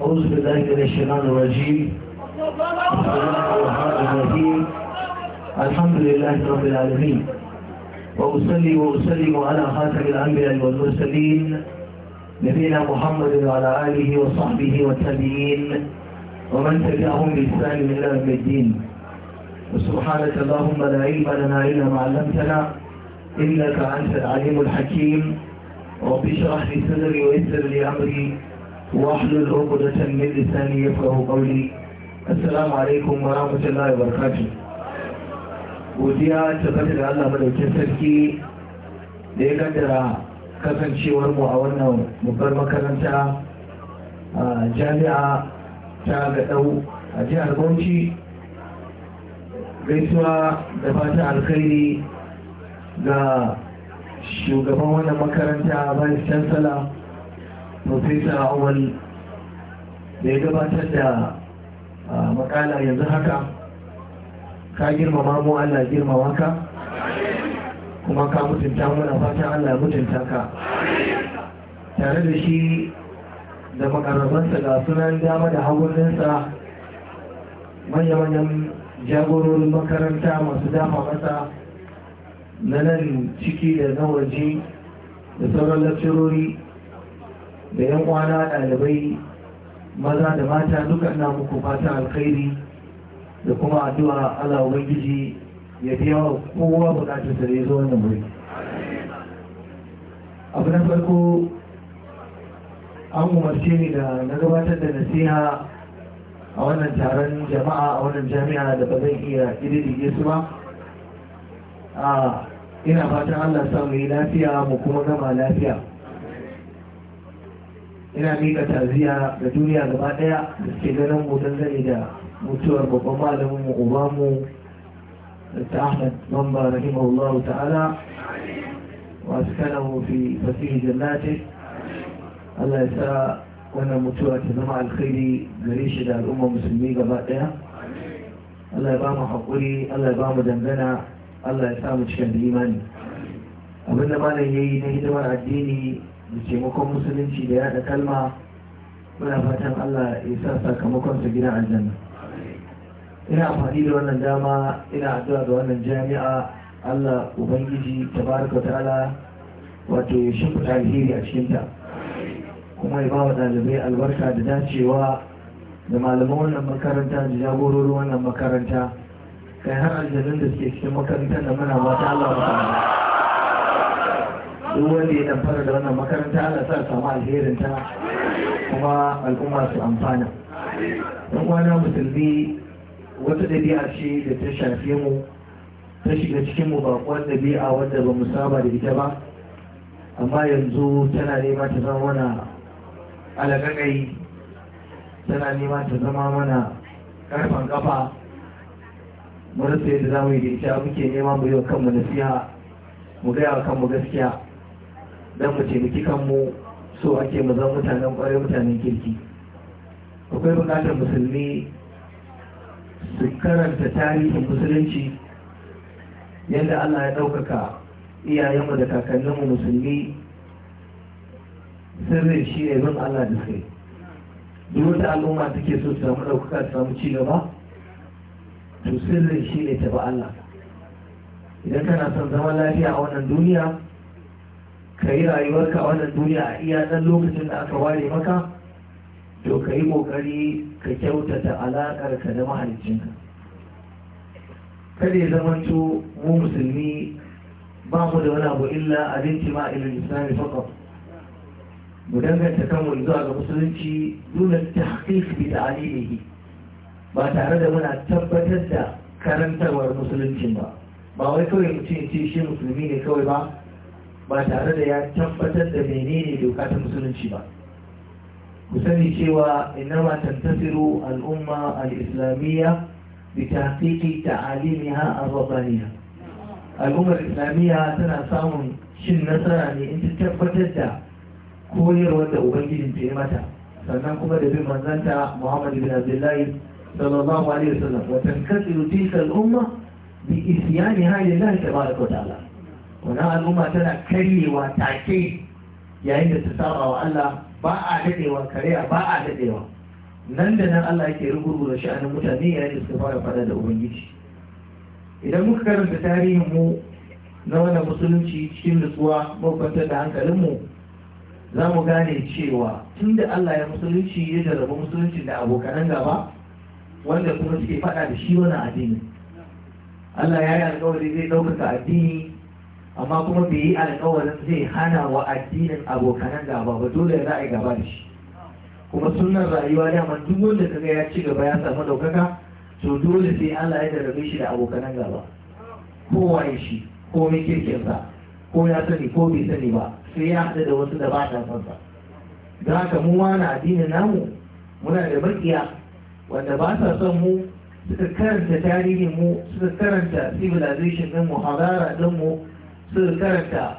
أعوذ بالله من الشيطان الرجيم الرحيم الحمد لله رب العالمين وأصلي وأسلم على خاتم الأنبياء والمرسلين نبينا محمد وعلى آله وصحبه والتابعين ومن تبعهم بإحسان إلى يوم الدين وسبحانك اللهم لا علم لنا إلا ما علمتنا إنك أنت العليم الحكيم رب اشرح لي صدري ويسر لي أمري واحلل عقدة من لساني يفقه قولي السلام عليكم ورحمة الله وبركاته godiya tabbata da Allah madaukin sarki da ya gandara kasancewar mu a wannan babbar makaranta a jami'a ta gadau a jihar Bauchi gaisuwa da ta alkhairi ga shugaban wannan makaranta bayan chancellor profesa awal da ya gabatar da makala yanzu haka ka girmama mu Allah girmama ka kuma ka mutunta muna fatan Allah mutunta ka tare da shi da makarabansa ga sunan dama da hagurinsa manya-manyan jagororin makaranta masu dafa masa na nan ciki da na waje da sauran lakcirori da yan uwana ɗalibai maza da mata duka ina muku fata alkhairi da kuma addu'a Allah ubangiji ya biya wa kowa bukatar da ya zo wannan wuri abu na farko an umarce ni da na gabatar da nasiha a wannan taron jama'a a wannan jami'a da ba zan iya ƙididdige su ba ah, ina fatan Allah sa mu yi lafiya mu kuma gama lafiya ina miƙa taziya ga duniya gaba ɗaya da suke ganin mu zane da mutuwar babban malamin mu ubamu da ahmad bamba rahimahullahu ta'ala wasu mu fi fasihi jannati allah ya sa wannan mutuwa ta zama alkhairi gare shi da al'ummar musulmi gaba ɗaya allah ya ba mu haƙuri allah ya ba mu dangana allah ya sa mu cikin imani abinda malam ya yi na hidimar addini da taimakon musulunci da yada kalma muna fatan Allah ya sa sakamakon gidan aljanna ina amfani da wannan dama ina addu'a ga wannan jami'a Allah ubangiji tabaraka ta'ala wato ya shimfiɗa alheri a cikinta kuma ya bawa ɗalibai albarka da dacewa da malaman wannan makaranta da jagororin wannan makaranta kai har aljanun da suke cikin makarantar da muna mata Allah ba wanda ya damfara da wannan makaranta ana sa samu alherin ta kuma al'umma su amfana dan kwana musulmi wata dabi'a ce da ta shafe mu ta shiga cikin mu baƙon dabi'a wanda ba mu saba da ita ba amma yanzu tana nema ta zama mana alaƙaƙai tana nema ta zama mana ƙarfan ƙafa mu rasa yadda za mu yi da ita muke nema mu yi wa kanmu nasiha mu gaya wa kanmu gaskiya don mu kan mu so ake mu zan mutanen kwarai mutanen kirki akwai bukatar musulmi su karanta tarihin musulunci yadda allah ya ɗaukaka iyayenmu da kakanninmu musulmi sirrin shi ne zan allah da sai duk wata al'umma take so su samu ɗaukaka su samu ci gaba to sirrin shi ne ba allah idan kana son zama lafiya a wannan duniya ka yi rayuwarka a wannan duniya a iya ɗan lokacin da aka ware maka to ka yi ƙoƙari ka kyautata alaƙarka da mahaliccinka kada ya zamanto mu musulmi ba mu da wani abu illa abinci ma ilil islami faqat mu danganta kanmu zuwa ga musulunci dole ta haƙiƙa bi ta'alilihi ba tare da muna tabbatar da karantarwar musulunci ba ba wai kawai mutum ce shi musulmi ne kawai ba ba tare da ya tabbatar da menene doka ta musulunci ba ku sani cewa innama tantasiru al'umma al-islamiyya bi tahqiqi ta'alimiha ar-rabbaniyya al'ummar islamiyya tana samun shin nasara ne in ta tabbatar da koyarwar da ubangijin ta yi mata sannan kuma da bin manzanta Muhammad bin Abdullahi sallallahu alaihi wasallam wa tankasiru tilka al-umma bi isyaniha lillahi tabaraka wa ta'ala wannan al'umma tana karyewa take yayin da ta saba wa Allah ba a dadewa kariya ba a dadewa nan da nan Allah yake rubutu da sha'anin mutane yayin da suka fara fada da ubangiji idan muka karanta tarihin mu na wannan musulunci cikin nutsuwa mabanta da hankalin mu, za mu gane cewa tun da Allah ya musulunci ya jarraba musulunci da abokan gaba wanda kuma suke fada da shi wani addini Allah ya yi alkawari zai ɗaukaka addini amma kuma bai yi alƙawarin zai hana wa addinin abokanan gaba ba dole za a yi gaba da shi kuma sunan rayuwa daman duk wanda kaga ya ci gaba ya samu ɗaukaka to dole sai Allah ya darbe shi da abokanan gaba kowa ya shi ko mai sa, ko ya sani ko bai sani ba sai ya haɗu da wasu da ba ta sa da haka mu na addinin namu muna da makiya wanda ba sa son mu suka karanta tarihin mu suka karanta civilization din mu hadara din mu sun karanta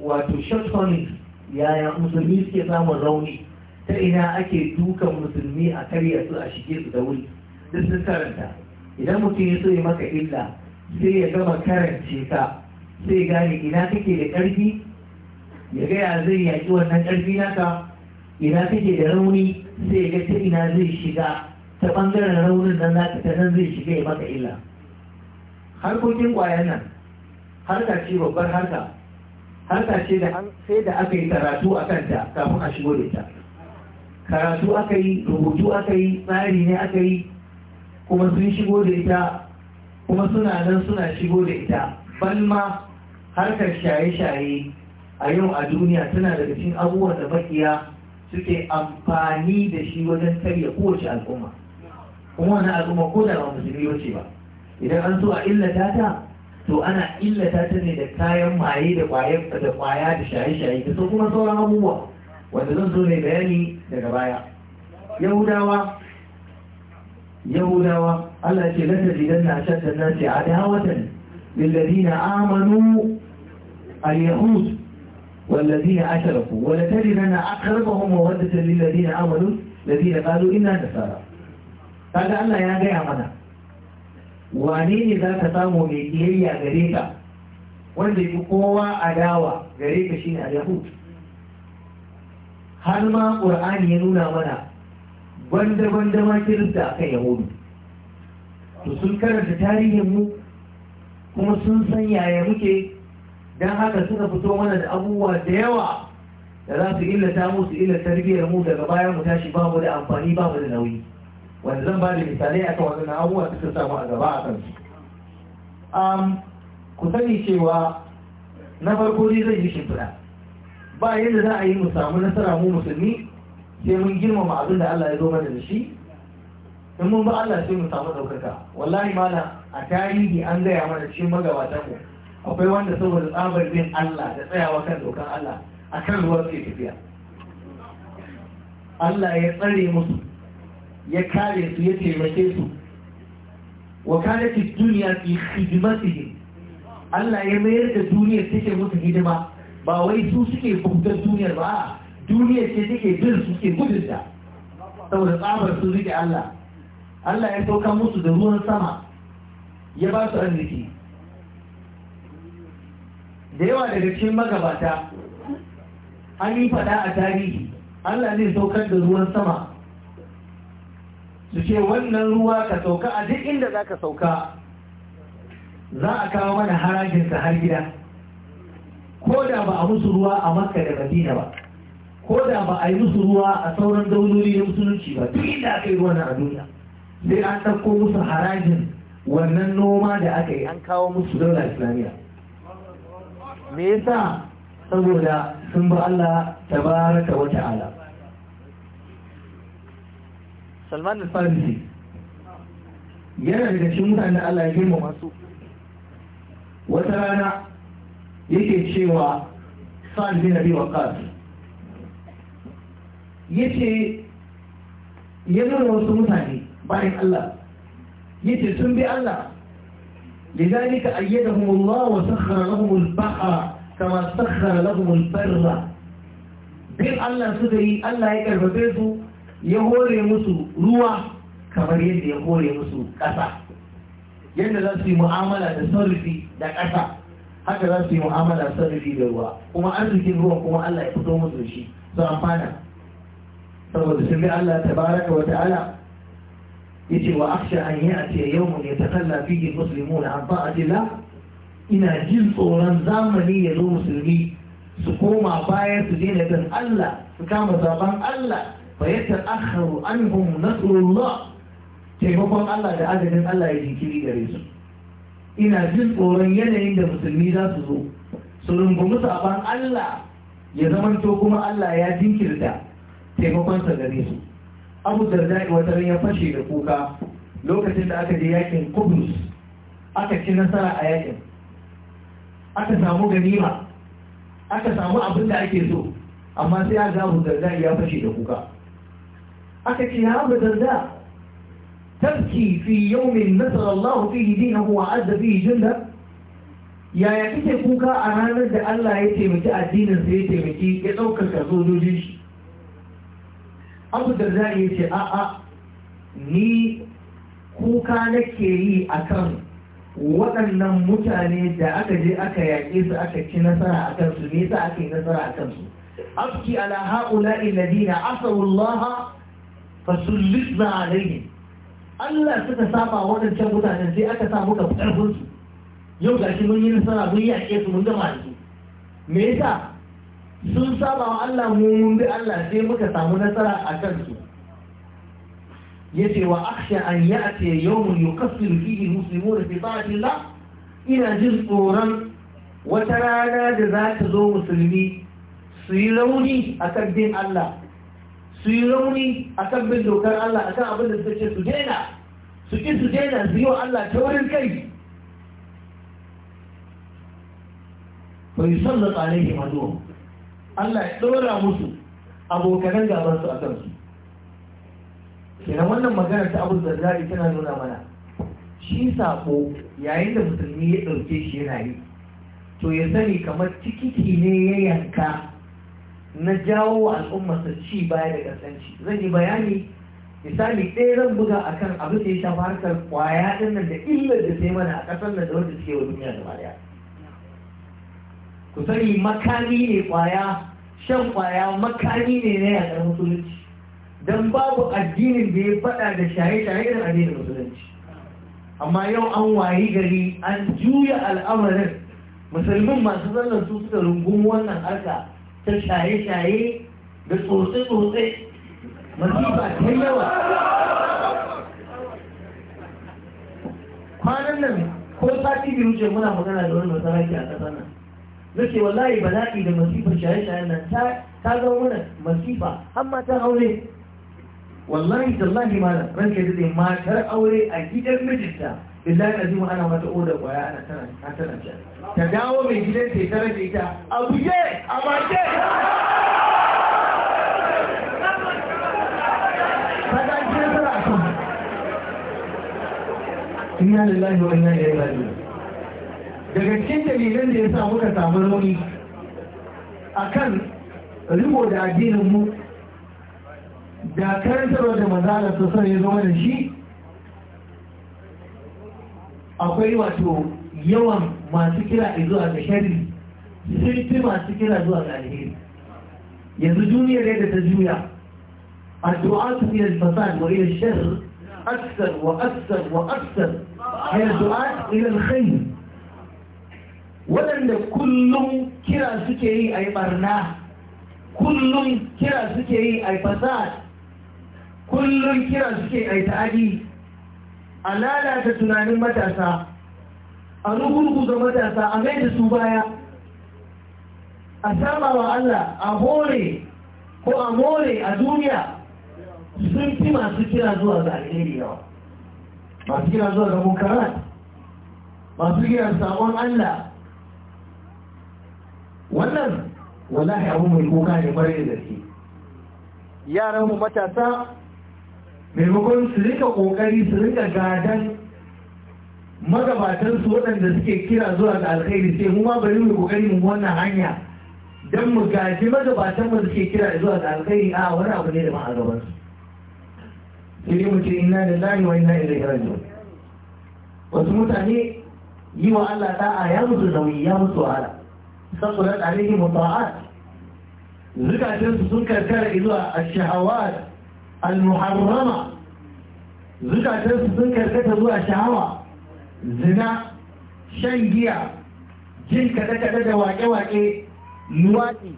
wato shortcomings yaya musulmi suke samun rauni ta ina ake dukan musulmi a karya su a shige su da wuri duk sun karanta idan mutum ya so ya maka illa sai ya gama karance ka sai gane ina kake da ƙarfi ya gaya zai yaki wannan ƙarfi naka ina kake da rauni sai ya ga ta ina zai shiga ta ɓangaren raunin nan naka ta nan zai shiga ya maka illa harkokin ƙwayar nan harka ce babbar harka harka ce da sai da aka yi karatu a kanta kafin a shigo da ita karatu aka yi rubutu aka yi tsari ne aka yi kuma sun shigo da ita kuma suna nan suna shigo da ita balma harkar shaye-shaye a yau a duniya tana daga cikin abubuwan da makiya suke amfani da shi wajen karya kowace al'umma kuma wani al'umma ko da ba musulmi ba idan an so a illata ta to ana illata ta ne da kayan maye da kwaya da kwaya da shaye-shaye da su kuma sauran abubuwa wanda zan so ne bayani daga baya yahudawa yahudawa Allah ce la tajidanna ashadda an-nasi adawatan lil ladina amanu al-yahud wal ladina ashraku wa la tajidanna aqrabahum mawaddatan lil ladina amanu ladina qalu inna nasara kaga Allah ya gaya mana wane ne za ka samu mai kiyayya gare ka wanda fi kowa adawa gare ka shine a yahud har ma ƙur'ani ya nuna mana gwanda gwanda ma kirista kan yahudu to sun karanta tarihin mu kuma sun san yaya muke don haka suka fito mana da abubuwa da yawa da za su illata musu illata tarbiyyar mu daga bayan mu tashi babu da amfani ba da nauyi wanda zan ba da misalai a kan waɗannan abubuwa suka samu a gaba a kansu ku sani cewa na farko ne zai yi shimfiɗa ba yadda za a yi mu samu nasara mu musulmi sai mun girmama abin da Allah ya zo mana da shi in mun ba Allah sai mu samu ɗaukaka wallahi mana a tarihi an gaya mana cikin magabatan mu akwai wanda saboda tsabar bin Allah da tsayawa kan dokan Allah a kan ruwa suke tafiya Allah ya tsare musu ya kare su ya taimake su wa kare su duniya fi khidmatihim Allah ya mayar da duniyar take musu hidima ba wai su suke bautar duniyar ba duniyar ce take bin su gudun gudunta saboda tsabar su rike Allah Allah ya sauka musu da ruwan sama ya ba su arziki da yawa daga cikin magabata an yi fada a tarihi Allah zai saukar da ruwan sama su ce wannan ruwa ka sauka a duk inda za ka sauka za a kawo mana harajinsa har gida ko da ba a musu ruwa a makka da madina ba ko da ba a yi musu ruwa a sauran daunori na musulunci ba duk inda aka yi ruwan a duniya sai an ɗauko musu harajin wannan noma da aka yi an kawo musu daula islamiyya me yasa saboda sun ba Allah tabaraka wa ta'ala salman al-farisi yana daga cikin mutanen Allah ya girma masu wata rana yake cewa sa'ad bin abi waqas yace ya nuna wasu mutane bayan Allah yace sun bi Allah لذلك أيدهم الله وسخر لهم البحر كما سخر لهم البر bin Allah suka yi Allah ya karfafe su ya hore musu ruwa kamar yadda ya hore musu ƙasa yadda za su yi mu'amala da sarrafi da ƙasa haka za su yi mu'amala sarrafi da ruwa kuma arzikin ruwa kuma Allah ya fito musu shi su amfana saboda sun bi Allah Ta baraka wa ta'ala ya ce wa aksha an yi a yau mu ne ta kalla fiye musulmi na amfa a jila ina jin tsoron zamani ya zo musulmi su koma baya su daina kan Allah su kama zaben Allah fa yata'akhkharu anhum nasrullah taimakon Allah da agajin Allah ya jinkiri gare su ina jin tsoron yanayin da musulmi za su zo su rungumi saban Allah ya zamanto kuma Allah ya jinkirta taimakonsa gare su abu darda'i wata ya fashe da kuka lokacin da aka je yakin kudus aka ci nasara a yakin aka samu ganima aka samu abin da ake so amma sai ya abu darda'i ya fashe da kuka aka ce da abu darda fi yawmin nasara Allah fihi dinahu wa azza fihi junda yaya kike kuka a ranar da Allah ya taimaki addinin sa ya taimaki ya ɗaukaka sojojin shi abu darda ya ce a'a ni kuka nake yi akan waɗannan mutane da aka je aka yaƙe su aka ci nasara a kansu ne sa aka yi nasara a kansu abki ala ha'ula'i ladina asawullaha fasullisna alaihim Allah suka saba waɗancan mutanen sai aka sa muka ƙarfinsu, su yau gashi mun yi nasara mun yaƙe su mun gama su me yasa sun saba wa Allah mu mun bi Allah sai muka samu nasara a kansu yace wa akhsha an ya'ti yawmun yuqassiru fihi muslimuna fi ta'atillah ina jin tsoron wata rana da za ta zo musulmi su yi rauni a kan bin Allah su yi rauni a kan bin dokar Allah a kan abin da suka ce su daina su ki su daina su yi wa Allah ta wurin kai Bai son da tsarai ke mazo Allah ya ɗora musu abokanan gaban su a kansu kenan wannan magana ta abu zazzari tana nuna mana shi sako yayin da musulmi ya ɗauke shi yana yi to ya sani kamar cikiki ne ya yanka na jawo wa al'ummarsa ci baya da kasanci zan yi bayani misali ɗaya zan buga akan abin da ya shafi harkar ƙwaya ɗin nan da illar da sai mana a ƙasar nan da wanda suke wa duniya da mariya ku sani makami ne ƙwaya shan ƙwaya makami ne na yaƙar musulunci don babu addinin da ya faɗa da shaye-shaye da addinin musulunci amma yau an wayi gari an juya al'amarin musulmin masu zallar su suka rungun wannan harka ta shaye-shaye da tsotse-tsotse masifa ta yawa kwanan nan ko sati biyu ce muna magana da wani masaraki a ƙasar nan ce, wallahi bala'i da masifar shaye shaye nan ta zama mana masifa amma ta aure wallahi tallahi malam ranke da matar aure a gidan mijinta billahi azim ana mata odar kwaya ana tana an ta dawo mai gidan ta tare da ita a buje a bace Inna lillahi wa inna ilaihi raji'un daga cikin dalilan da ya sa muka samu rauni akan riko da addinin mu da karantarwa da manzala sosai ya zama da shi akwai wato yawan masu kira zuwa ga shari sai fi masu kira zuwa ga alheri yanzu duniyar yadda ta juya addu'atu ila al-fasad wa ila ash-sharr wa aksar wa aksar a du'at du'a al-khayr waɗanda kullum kira suke yi a yi barna kullum kira suke yi a yi fasad kullum kira suke a yi ta'adi a lalata tunanin matasa a ga matasa a mai da su baya a sama wa Allah a hore ko a more a duniya sun fi masu kira zuwa ga alheri yawa masu kira zuwa ga munkarat masu kira sabon Allah wannan wallahi abu mai kuka ne bare da gaske yaran mu matasa maimakon su rika kokari su rika gadan magabatan su waɗanda suke kira zuwa ga alkhairi sai mu ma bari mu kokari mu wannan hanya dan mu gaji magabatan mu suke kira zuwa ga alkhairi a wani abu ne da ma a gaban su sai dai mu ce inna lillahi wa inna ilaihi raji'un wasu mutane yi wa Allah da'a ya musu nauyi ya musu wahala saboda alaihi muta'at zukatan sun karkara zuwa ash-shahawat al-muharrama su sun karkata zuwa shahawa zina shan giya jin kada-kada da waƙe-waƙe luwaɗi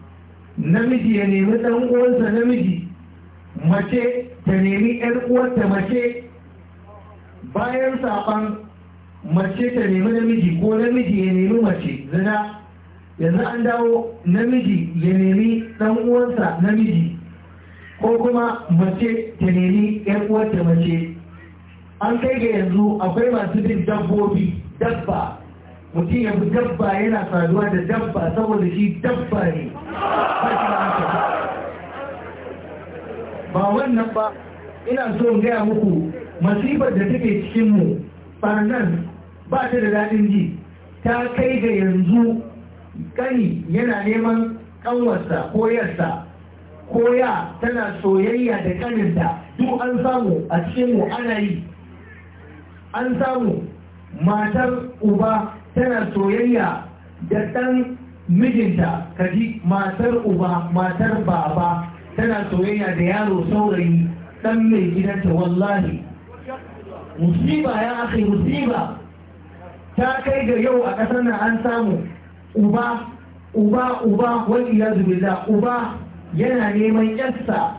namiji ya nemi ɗan uwansa namiji mace ta nemi ‘yar uwarta mace bayan saɓan mace ta nemi namiji ko namiji ya nemi mace zina yanzu an dawo namiji ya nemi ɗan uwansa namiji ko kuma mace ta nemi ‘yar uwarta mace an kai ga yanzu akwai masu bin dabbobi dabba mutum ya dabba yana saduwa da dabba saboda shi dabba ne ba wannan ba ina so gaya muku masifar da take cikinmu ɓarnan ba ta da daɗin ji ta kai ga yanzu ƙani yana neman ƙanwarsa ko yarsa ko ya tana soyayya da ƙaninta duk an samu a cikinmu ana yi an samu matar uba tana soyayya da ɗan mijinta kaji matar uba matar baba tana soyayya da yaro saurayi ɗan mai gidanta wallahi musiba ya aka musiba ta kai ga yau a ƙasar nan an samu uba uba uba wani ya za uba yana neman yarsa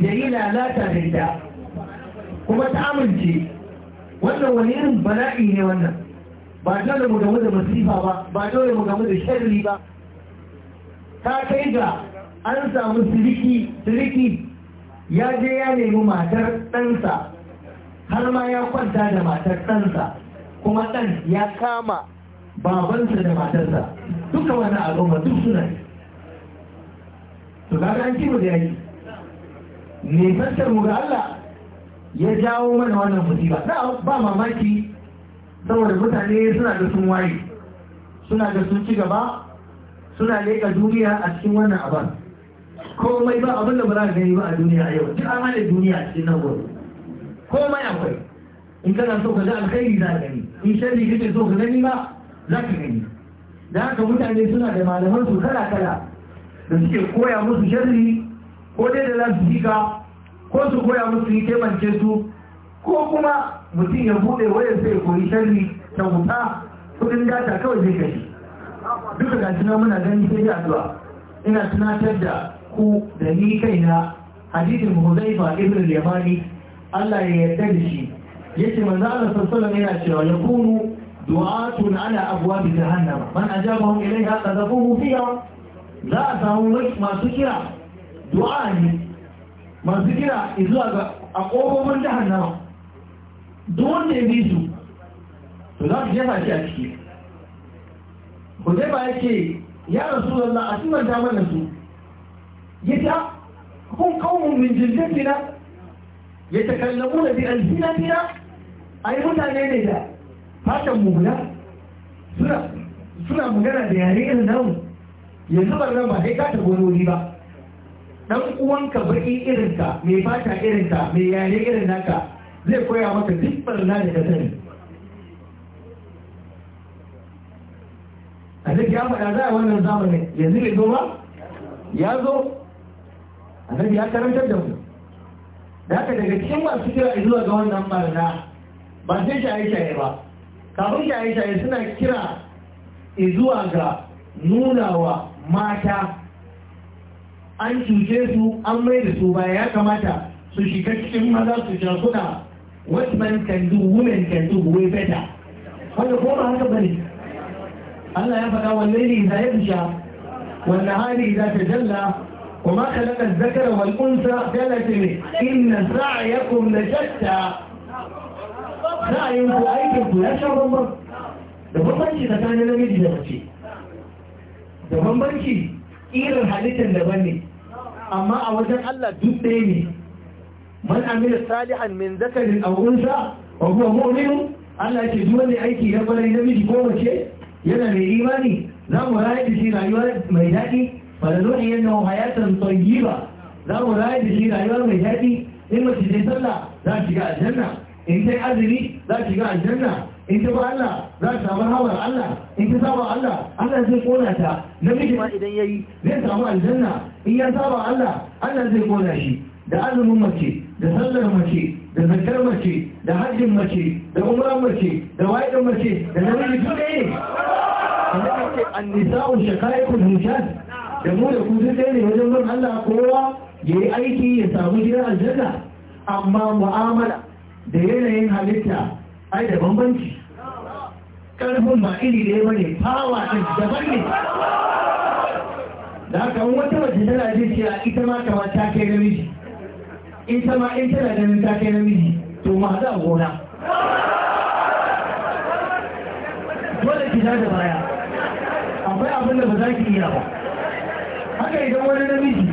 ya yi lalata da ita kuma ta amince wannan wani irin bala'i ne wannan ba dole mu gamu da masifa ba ba dole mu gamu da sharri ba ta kai ga an samu siriki siriki ya je ya nemi matar ɗansa har ma ya kwanta da matar ɗansa kuma ɗan ya kama babansa da matarsa duka wani al'umma duk suna ne to ga an ci mu da yaki fassar mu ga Allah ya jawo mana wannan musiba ba mamaki saboda mutane suna da sun waye suna da sun ci gaba suna leƙa duniya a cikin wannan abin komai ba abin da ba ka gani ba a duniya a yau duk an hana duniya a cikin nan gobe komai akwai in kana so ka ga alkhairi za a gani in sharri kake so ka gani ba za ka gani da haka mutane suna da malaman su kala kala da suke koya musu sharri ko dai da za su ji ka ko su koya musu yi taimance su ko kuma mutum ya bude wayar sai koyi sharri ta wuta kudin data kawai zai kashi duka ga tunan muna gani sai da addu'a ina tunatar da ku da ni kaina hadisin Huzaifa ibn al-Yamani Allah ya yarda da shi yace manzo Allah sallallahu yana cewa yakunu du'atun ala abwab jahannam man ajabahum ilayha qadafuhu fiha za a samu masu kira du'a ne masu kira zuwa ga a ƙofofin nan duk wanda ya bi su to za su jefa shi a ciki jefa ya ce ya rasu zanna a cikin ta mana su ya ta kun kawo min jirgin ya ta kallamu da bi alfina a yi mutane ne da fatan mugula suna magana da yare irin namu yanzu ba ba dai, ka ta wani wuri ba dan uwanka baki irinka mai fata irinka mai yare irin naka zai koya maka duk barna da ka sani duk ya faɗa za a wannan zamani, yanzu bai zo ba ya zo A annabi ya karantar da mu da haka daga cikin masu kira zuwa ga wannan barna ba sai shaye-shaye ba kafin shaye-shaye suna kira zuwa ga nunawa mata an cuce su an mai da su ba ya kamata su shiga cikin maza su ja suna what man can do women can do way better wanda ko ba haka bane Allah ya faɗa wannan ne ya yabsha wannan hali ta jalla wa ma khalaqa adh-dhakara wal unsa kana tini inna sa'yakum la shatta sa'yin ku aikin ku ya sha bambam da bambanci tsakanin namiji da mace da bambanci irin halittar daban ne amma a wajen Allah duk ɗaya ne man amila salihan min zakarin aurunsa wa kuma mu'minu Allah ke duk wani aiki na kwarai namiji ko mace yana mai imani za mu rayu da shi rayuwar mai daɗi ba da zo nawa hayatan ba. za mu rayu da shi rayuwa mai daɗi in mace ce sallah za a shiga aljanna in ta azumi za a shiga aljanna in ta ba Allah za ta samu hawar Allah in ta saba Allah Allah zai kona ta namiji ma idan yayi zai samu aljanna in ya saba Allah Allah zai kona shi da azumin mace da sallar mace da zakar mace da hajjin mace da umran mace da wa'idin mace da namiji duk ɗaya ne kamar ake annisa'u shaqaiqul rijal da mu da ku duk ne wajen bin Allah kowa ya yi aiki ya samu gidan aljanna amma mu'amala da yanayin halitta ai da bambanci ƙarfin ba iri ne ba ne fawa ɗin daban ne da haka wata mace tana jin cewa ita ma kama ta kai namiji ita ma in tana ganin ta kai namiji to ma za a gona dole ki da baya akwai abin da ba za ki iya ba haka idan wani miji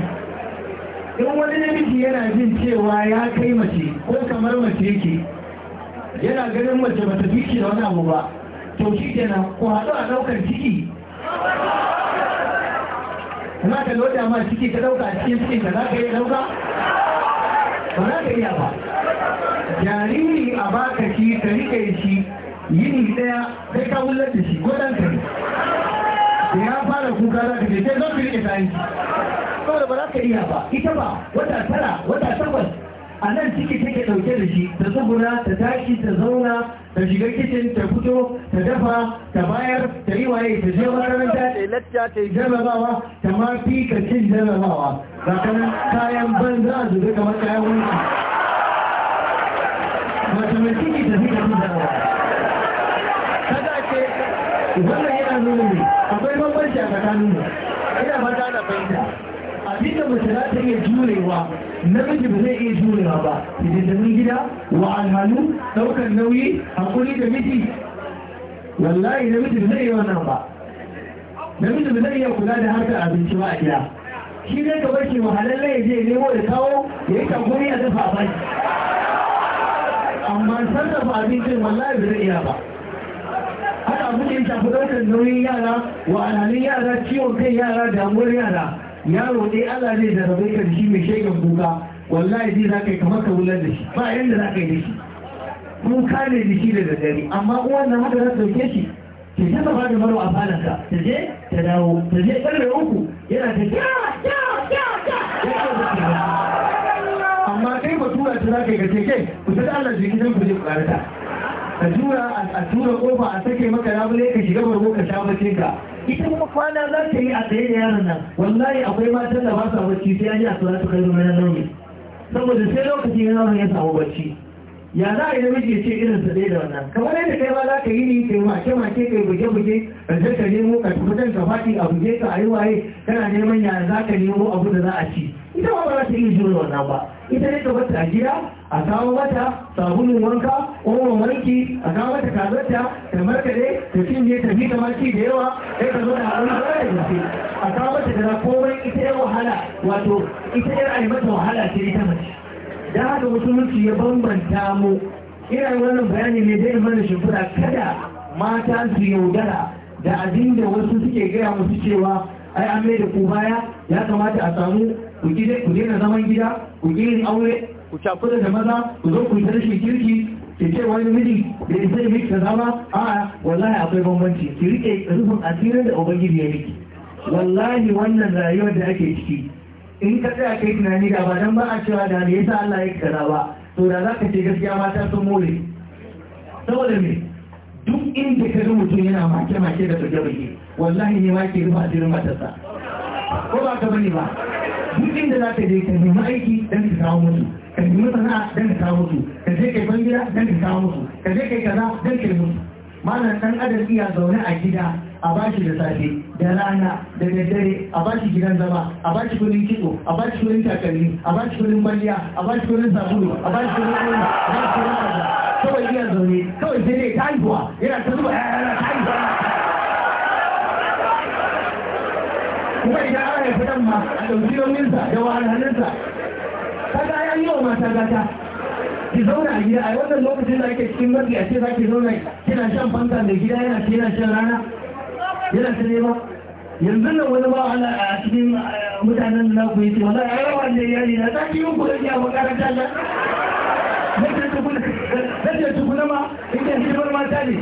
in wani namiji yana jin cewa ya kai mace ko kamar mace yake yana ganin mace bata biki da wani abu ba to shi kenan ku haɗu a ɗaukar ciki na ka loda ma ciki ka ɗauka a cikin cikin ka za ka iya ɗauka ba za ka iya ba jariri a baka shi ka yi shi yini ɗaya sai ka wulan da shi ko ɗan ka da ya fara kuka za ka je sai zan fi riƙe ta yanki saboda ba za ka iya ba ita ba wata tara wata takwas a nan ciki take ɗauke da shi ta tsuguna ta tashi ta zauna ta shiga kicin ta fito ta dafa ta bayar ta yi waye ta je makaranta ta lacca ta yi jarabawa ta ma fi ka cin jarabawa ga kanan kayan banza a zuba kamar kayan wanki wata mai ciki ta fi ka cin jarabawa kada ce wannan yana nuna ne akwai bambanci a tsakanin mu ina fata na fahimta abinda mace za ta iya jurewa miji ba zai iya jurewa ba hidindimin gida wa alhalu daukar nauyi hakuri da miji wallahi miji ba zai iya wannan ba miji ba zai iya kula da harkar abinci ba a gida shi ne ka wa halalla ya je nemo da kawo ya yi takuri a dafa a amma sarrafa abincin wallahi ba zai iya ba haka abin da ya shafi ɗaukar nauyin yara wa alhalin yara ciwon kai yara damuwar yara yaro ne Allah zai zarabe ka shi mai shegan kuka wallahi zai za ka yi kamar ka wular da shi ba yadda za ka yi da shi kuka ne da shi da daddare amma uwan na haka za ta dauke shi ta je ta bada maro a ka ta je ta dawo ta je ƙarfe uku yana ta ya ya ya ya amma kai ba tura ta za ka yi ka ce kai ku ta Allah shi gidan ku je ku karata. ka tura a tura kofa a sake maka labule ka shiga barbo ka sha bacin ka ita kuma kwana za yi a tsaye da yaron nan wallahi akwai matan da ba su bacci sai an yi a tsara su kai zama na nauyi saboda sai lokaci ya zama ya samu bacci ya za a yi namiji ya ce irin sa ɗaya da wannan kamar yadda kai ba za ka yi ni kai mace mace kai buge buge je ka nemo ka tafi ka faɗi a buge ka a yi waye kana neman ya za ka nemo abu da za a ci ita ba za ta iya jure wannan ba ita ne ka bata a gida a kawo mata sabulun wanka omo wanki a kawo mata kazarta ta markade ta cinye ta fi da da yawa sai ka zo da abin da ya gaske a kawo mata da komai ita 'yan wahala wato ita yar ai mata wahala ce ita mace da haka musulunci ya bambanta mu ina wannan bayani ne dai mana shimfiɗa kada mata su yaudara da abin da wasu suke gaya musu cewa ai an mai da ku baya ya kamata a samu ku daina zaman gida ku gina aure ku cakuda da maza ku zo ku yi rashin kirki ke ce wani miji da isa yi miki zama. a wallahi akwai bambanci ki rike rufin asirin da ubangiji ya miki wallahi wannan rayuwar da ake ciki in ka tsaya kai tunani da ba dan ba a cewa da me yasa Allah ya kaza ba to da za ka ce gaskiya mata sun more saboda me duk inda ka ga mutum yana make-make da buge-buge wallahi ne ma ke rufa asirin matarsa ko ba ka bane ba duk inda za ka je ka nemi aiki don ka kawo musu ka nemi sana'a don ka kawo musu ka je kai bangida don ka kawo musu ka je kai kaza don ka musu malam dan adam iya zaune a gida a bashi da safe da rana da daddare a bashi gidan zama a bashi kudin kitso a bashi kudin takalmi a bashi kudin kwalliya a bashi kudin sabulu a bashi kudin kudin a bashi kudin kaza kawai iya zaune kawai sai dai ta haihuwa yana ta zuba ƴaƴa kuma idan an haifi ɗan ma a ɗauki yominsa da wahalhalinsa kaga ai an yi wa mata gata ki zauna a gida a wannan lokacin da ake cikin barci a ce za ki zauna kina shan fanka da gida yana ce yana shan rana yana ta nema yanzu nan wani ba wala a cikin mutanen da na ku yi ce wala a yawa da yi na za ki yi kuɗi a makarantar na zai tukuna ma ita hidimar mata ne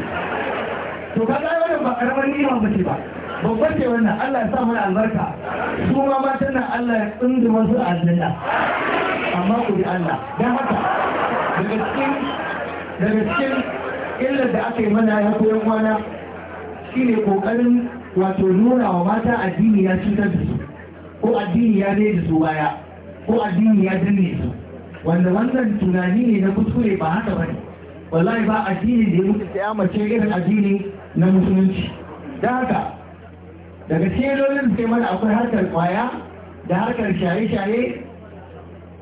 to kaga ai wannan ba karamar nima ba ce ba babbar ce wannan Allah ya sa mana albarka su ma matan nan Allah ya tsinda wasu aljanna amma ku bi Allah dan haka daga cikin daga cikin illar da aka yi mana ya koyan kwana shine kokarin wato nuna wa mata addini ya cutar da su ko addini ya da su baya ko addini ya danne su wanda wannan tunani ne na kuskure ba haka ba ne wallahi ba addini da ya mutu sai mace irin addini na musulunci da haka daga cikin sai mana akwai harkar kwaya da harkar shaye-shaye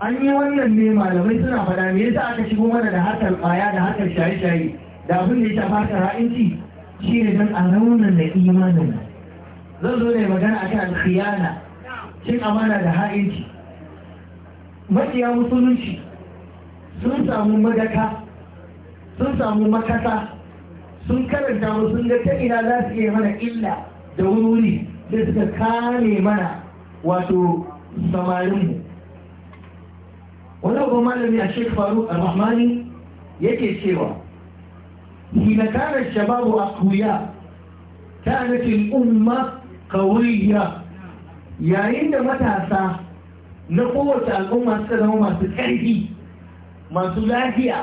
an yi wannan ne malamai suna faɗa me yasa aka shigo mana da harkar kwaya da harkar shaye-shaye da abin da ya shafa harkar ra'inci shi ne don a raunan da imanin zan zo ne magana a kan khiyana cin amana da ha'inci maɗiya musulunci sun samu madaka sun samu makasa sun karanta sun ga ta ina za su iya mana illa da wuri da suka kare mana wato samarinmu wani babban malami a shek faruk al-rahmani yake cewa hina kare shababu akuya ta nufin umma qawiya yayin da matasa na kowace al'umma suka zama masu ƙarfi masu lafiya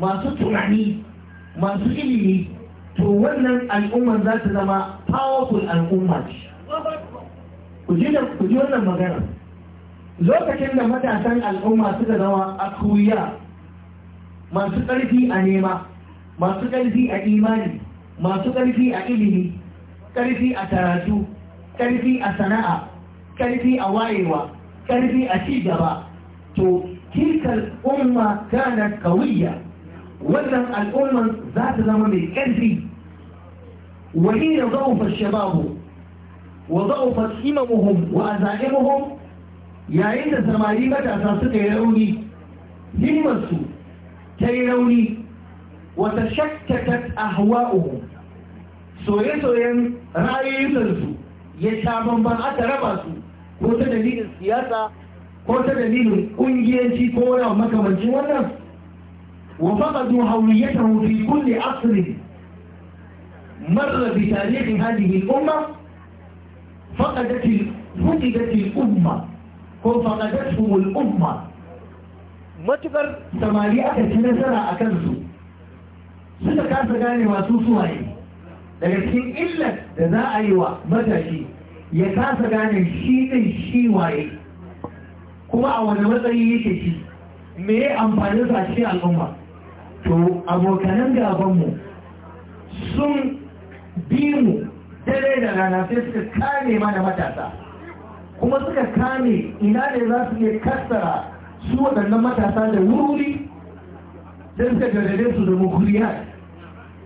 masu tunani masu ilimi to wannan al'ummar za ta zama powerful al'umma ce ku ji wannan magana lokacin da matasan al'umma suka zama akuya masu ƙarfi a nema masu ƙarfi a imani masu ƙarfi a ilimi ƙarfi a karatu ƙarfi a sana'a ƙarfi a wayewa ƙarfi a ci gaba to kikar umma kana kawiyya, wannan al'ummar za ta zama mai ƙarfi وحين ضعف الشباب وضعفت هممهم وعزائمهم يا عند زماني متى تيروني همس تيروني وتشككت أهواؤهم سويسو ين رأي ينزلسو يشامن بان أترباسو كنت دليل السياسة كنت دليل كنجيانتي كورا ومكا منشوانا وفقدوا هوليته في كل أصل مر بتاريخ هذه الأمة فقدت فقدت الأمة ko faƙadat humul umma samari aka ci nasara a kansu suka kasa gane masu suwaye daga cikin illar da za a yi wa matashi ya kasa gane shi ɗin shi waye kuma a wani matsayi yake shi me ya amfani sa shi al'umma to abokanan gabanmu sun biyu dare da rana sai suka kame mana matasa kuma suka kame ina ne za su iya kassara su waɗannan matasa da wuri don suka gargade su da mukuriya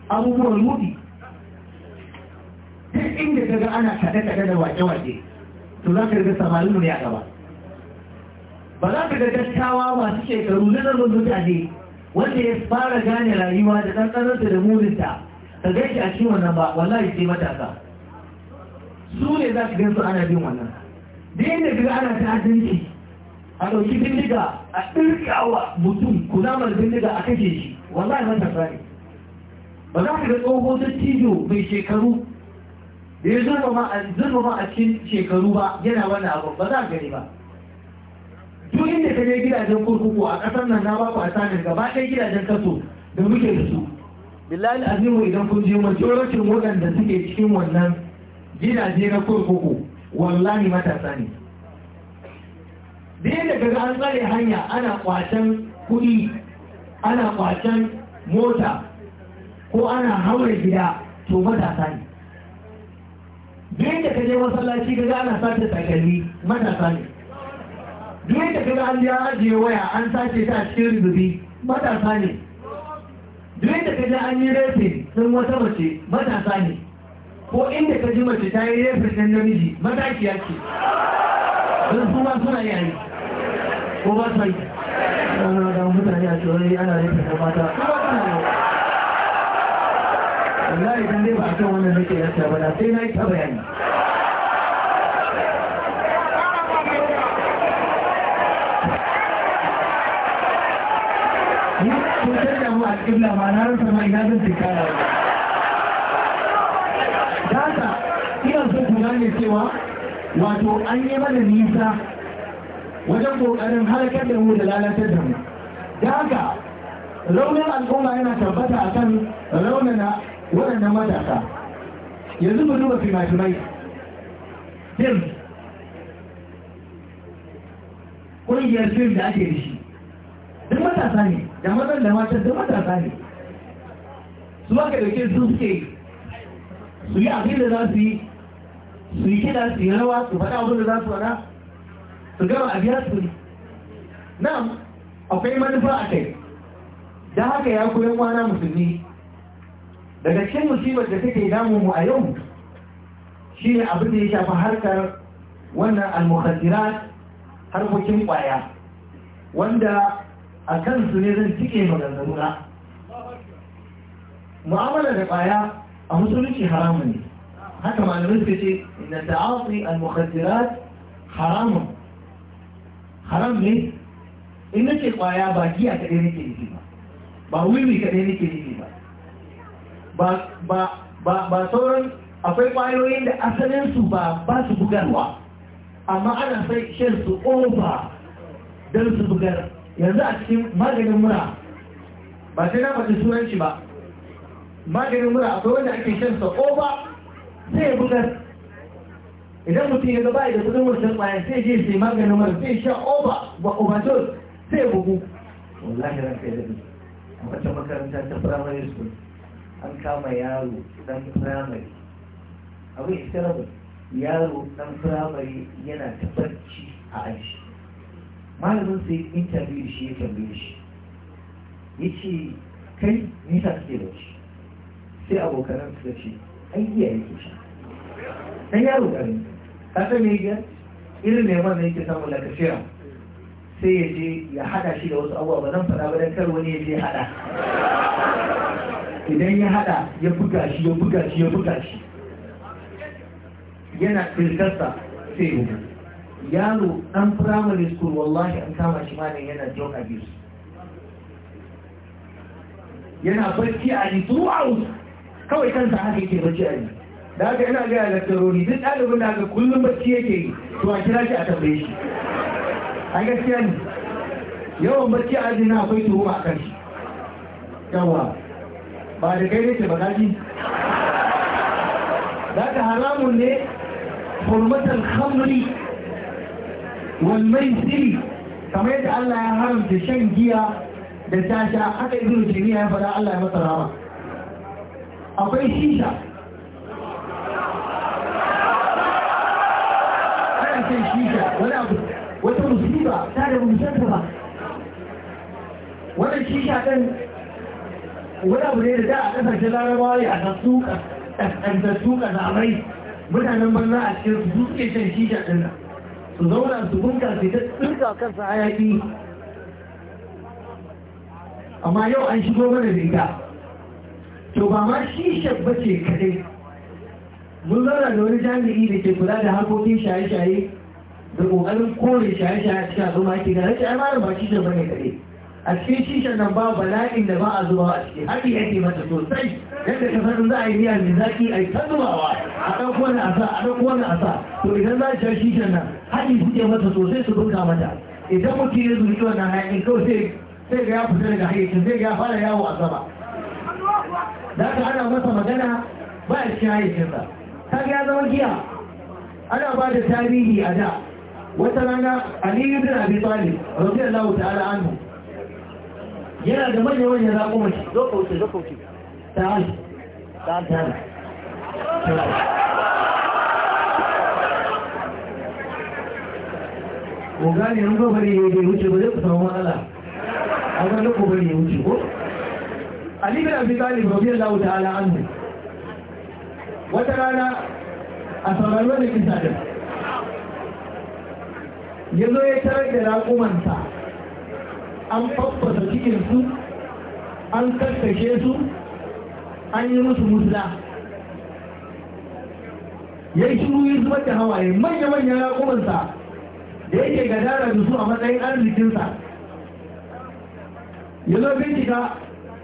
abubuwan mudi ta inda ka ga ana kaɗe-kaɗe da wake-wake to za ka riga samarin ne a gaba ba za ka ga dattawa masu shekaru na zarmar mutane wanda ya fara gane rayuwa da ɗanɗanarsa da murinta ka gan shi a cikin wannan ba wallahi sai matasa su ne za su gan su ana bin wannan da yadda kaga ana ta'addanci a ɗauki bindiga a ɗirkawa mutum kunamar bindiga a kashe shi wallahi matasa ne ba za ka ga tsoho ta tijo mai shekaru da ya zurba ma a cikin shekaru ba yana wannan abu ba za ka gani ba duk inda ka je gidajen kurkuku a ƙasar nan na ba ku a sanin gaba ɗaya gidajen kaso da muke da su bilal azimu idan kun je majorocin waɗanda suke cikin wannan gidaje na kurkuku wallahi matasa ne da yadda an tsare hanya ana kwacen kuɗi ana kwacen mota ko ana haure gida to matasa ne duk yadda ka je masallaci kaga ana sace takalmi matasa ne duk yadda kaga an je ajiye waya an sace ta cikin rububi matasa ne duk da kaji an yi rafi sun wata mace matasa ne ko inda ka ji mace ta yi rafi sun namiji matakiya ce don su ba suna yi ko ba su yi ana da mutane a tsoron ana rafi da mata ko ba suna yi wallahi dan dai ba a kan wannan nake yasa ba da sai na yi ta bayani kautar da mu a ƙibla ma na rasa mai na zan Da data ina so ku gane cewa wato an yi mana nisa wajen ƙoƙarin harkar da mu da lalatar da mu da haka raunin al'umma yana tabbata akan raunana waɗannan matasa yanzu mu duba fimafimai fim ƙungiyar fim da ake da shi duk matasa ne da mazan da matan da matasa ne su ba ka dauke su suke su yi abin da za su yi su yi kiɗa su yi rawa su faɗa abin da za su faɗa su gama a biya su na akwai manufa a kai da haka ya koyan wana musulmi daga cikin musibar da take damu mu a yau shi ne abin da ya shafi harkar wannan almukhadirat harkokin kwaya wanda a kan su ne zan cike maganganu na mu'amala da ƙwaya a musulunci haramun ne haka malamai suka ce inna ta'ati al-mukhaddirat haramun haram ne in nake ƙwaya ba giya kaɗai nake nufi ba ba wiwi kaɗai nake nufi ba ba sauran akwai ƙwayoyin da asalinsu ba ba su bugarwa amma ana sai shan su over don su bugar yanzu a cikin maganin mura ba sai na faɗi suranci ba maganin mura akwai wanda ake shan sa ba sai ya bugar idan mutum ya gaba da kudin wurin kwaya sai je sai maganin mura sai sha oba ba overdose sai ya bugu wallahi ran kai ni a wata makaranta ta primary school an kama yaro dan primary abin istirabin yaro dan primary yana ta barci a aji malamin sai interview shi ya tambaye shi ya ce kai nisa suke da shi sai abokanan suka ce ai giya yake shi sai yaro garin ka san me ga irin neman da yake samu lakashiya sai ya je ya hada shi da wasu abubuwa ba zan faɗa ba kar wani ya je hada idan ya hada ya buga shi ya buga shi ya buga shi yana tilkarsa sai ya yaro ɗan primary school wallahi an kama shi malam yana drug abuse yana barci a ji throughout kawai kansa haka yake barci a ji da haka yana gaya laktarori duk ɗalibin da haka kullum barci yake yi to a kira shi a tambaye shi a gaskiya ne yawan barci a ji na akwai tuhuma a kan shi yawa ba da kai ne ce ba ji da haka haramun ne hurmatar hamri والميسر kamar yadda Allah ya haramta shan giya da tasha haka ibnu jami'a ya fara Allah ya masa rama akwai shisha ana shan shisha wani abu wata musiba ta da musanta ba Wani shisha ɗin, wani abu ne da da a kasashen larabawa ya kasu kasantattu kasamai mutanen banza a cikin su suke shan shisha ɗin nan su zauna su bunka su ta tsirka kansa hayaki amma yau an shigo mana da ita to ba ma shi shabba ce kadai mun zauna da wani jami'i da ke kula da harkokin shaye-shaye da ƙoƙarin kore shaye-shaye a cikin al'umma ke ga rashin ai malam ba shi shabba ne kadai a cikin shishin nan ba bala'in da ba a zuba a ciki haɗi yake mata sosai yadda ka sanin za a yi miya mai zaƙi a yi ta zubawa a ɗauko wani asa a ɗauko wani asa to idan za a sha shishin nan haɗi suke mata sosai su dunka mata idan mutum ya zuci wannan hayaƙin kawai sai sai ga ya fita daga hayyacin sai ga ya fara yawo a sama da aka ana masa magana ba a cikin hayyacinsa ta ga ya zama giya ana ba da tarihi a da wata rana aliyu bin abi talib radiyallahu ta'ala anhu yana da manyan manyan raƙumai zo kauce zo kauce ta'an ta'an ta'an ko gane an gobari ya yi wuce ba zai ku samu matsala a wani gobari ya wuce ko ali bin abi talib radiyallahu ta'ala anhu wata rana a saurari wani kisa din ya zo ya tarar da raƙumanta an faffasa cikinsu an kakkashe su an yi musu musula ya yi shiru ya zubar da hawaye manya-manyan rakumansa da yake gadara da su a matsayin arzikinsa ya zo bincika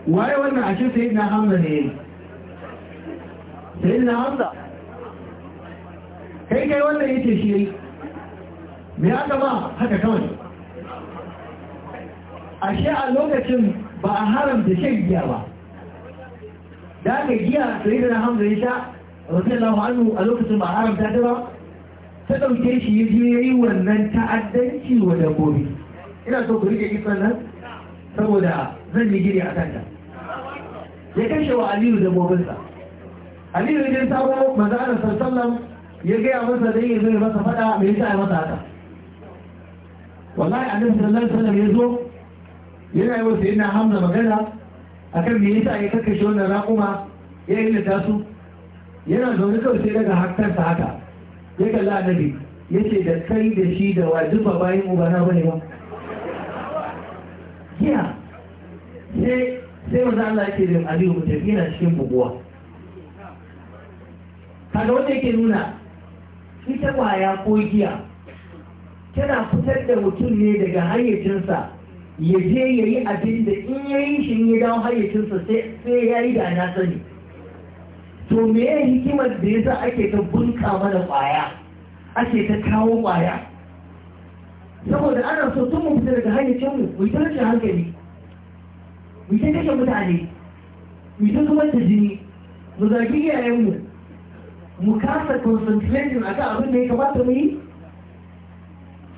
waye wannan ashe sai na hamza ne sai na hamza kai kai wannan yake shi me aka ba haka kawai ashe a lokacin ba a haramta shan giya ba da aka giya sai da hamza ya sha radiyallahu hannu a lokacin ba a haramta ta ba ta ɗauke shi ya je yi wannan ta'addanci wa dabbobi ina so ku rike ikon nan saboda zan yi gini a kanta ya kashe wa aliyu bobinsa aliyu ya je sabo manzo Allah ya gaya masa da yi zai masa fada mai yasa ya masa haka wallahi annabi sallallahu alaihi wasallam ya zo yana yi wasu yana hamza magana a kan me yasa ya kakashe wannan raƙuma ya illata su yana zaune kawai sai daga haƙƙarsa haka ya kalla annabi ya ce da kai da shi da wa duba bayan ubana bane ba giya sai sai Allah ke da aliyu mutum yana cikin buguwa kaga wanda yake nuna ita kwaya ko giya tana fitar da mutum ne daga hayyacinsa ya je ya yi abin da in ya yi shi ya dawo hayyacinsa sai ya yi da na sani to me ya hikimar da ya sa ake ta bunka mana kwaya ake ta kawo kwaya saboda ana so tun mu fita daga hayyacinmu mu ta rashin hankali mu ta kashe mutane mu ta zubar da jini mu zargi iyayenmu mu kasa concentration a kan abin da ya kamata mu yi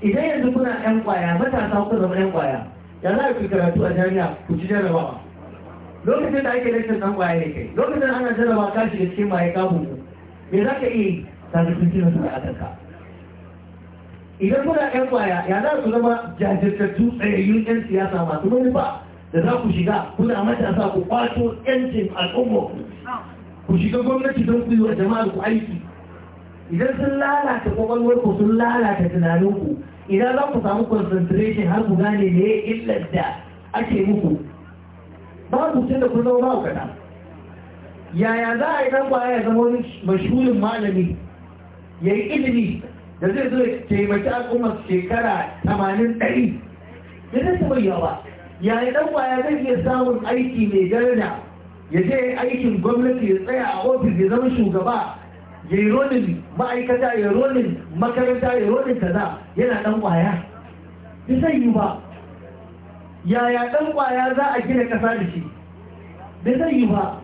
idan yanzu kuna 'yan kwaya matasa kuka zama 'yan kwaya da za yi karatu a jami'a ku ci jarabawa lokacin da ake lantar ɗan ƙwaye ne kai lokacin ana jarabawa ka shiga cikin maye kamun ku me za ka iya yi ka ga sun cina suna a kanka idan kuna ƴan ƙwaya ya za su zama jajirtattu tsayayyun ƴan siyasa masu ba da za ku shiga kuna matasa ku kwato ƴancin al'umma ku shiga gwamnati don ku yi wa jama'ar ku aiki idan sun lalata kwakwalwar ku sun lalata tunaninku idan za ku samu concentration har ku gane ne illar da ake muku ba ku tun da kun ba ku kada yaya za a yi dan baya ya zama wani mashulin malami ya yi ilimi da zai zo taimaki al'ummar shekara tamanin ɗari ya zai taɓa hawa. yaya dan baya zai iya samun aiki mai garda ya je aikin gwamnati ya tsaya a ofis ya zama shugaba ya yi ronin ma'aikata ya ronin makaranta ya ta kaza yana ɗan ƙwaya ya sai yi ba yaya ɗan ƙwaya za a gina kasa da shi bi zai yi ba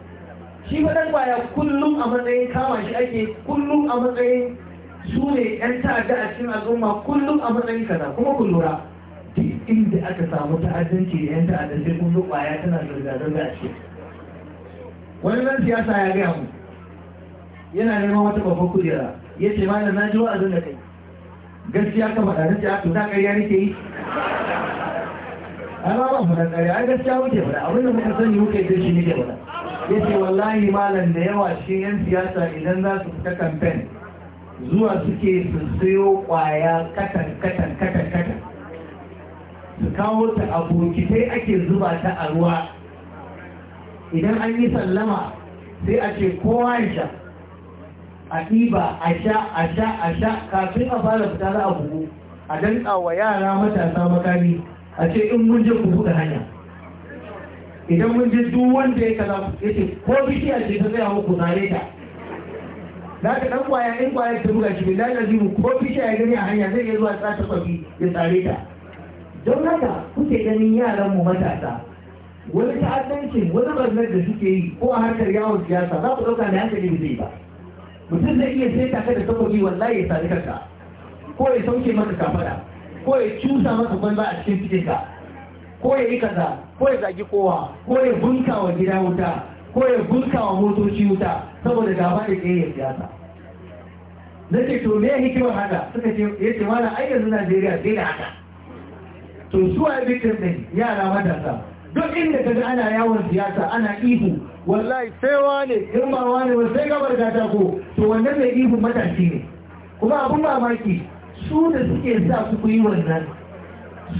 shi ba ɗan ƙwaya kullum a matsayin kama shi ake kullum a matsayin su ne 'yan ta'adda a cikin al'umma kullum a matsayin kaza kuma ku lura duk inda aka samu ta'addanci da 'yan ta'adda sai kun ƙwaya tana zirga-zirga a cikin. wani nan siyasa ya gaya mu yana neman wata babban kujera ya ce ma na ji wa'azin da kai gaskiya ka faɗa na ce a tuta ƙarya nake yi A ba mu faɗa ƙarya ai gaskiya muke faɗa abin da muka sani muke yi shi muke faɗa ya ce wallahi malam da yawa cikin 'yan siyasa idan za su fita kamfen zuwa suke su siyo ƙwaya katan katan katan katan su kawo ta abokitai ake zuba ta a ruwa idan an yi sallama sai a ce kowa ya sha a ɗiba a sha a sha a sha kafin a fara fita za a bugu a danka wa yara matasa makami a ce in mun je ku buɗe hanya idan mun je duk wanda ya kaza ya ce ko bishiya ce ta tsaya muku zare ta za ka ɗan kwaya in kwaya ta buga shi bai lazimu ko bishiya ya gani a hanya zai iya zuwa tsata kwafi ya tsare ta don haka kuke ganin yaran mu matasa wani ta'addancin wani barnar da suke yi ko a harkar yawon siyasa za ku ɗauka da hankali da zai ba mutum zai iya sai taka da takobi wallahi ya sadi kanka ko ya sauke maka kafada ko ya cusa maka banza a cikin cikin ka ko ya yi kaza ko ya zagi kowa ko ya bunka wa gida wuta ko ya bunka wa motoci wuta saboda gaba da ke yin siyasa na ce to me hikimar haka suka ce ya ce mana ai yanzu najeriya sai da haka to su a bikin din yara matasa duk inda ka ga ana yawon siyasa ana ihu wallahi sai wane girmawa ne ba sai gabar gata ko to wannan mai ihu matashi ne kuma abin mamaki su da suke sa su ku yi wannan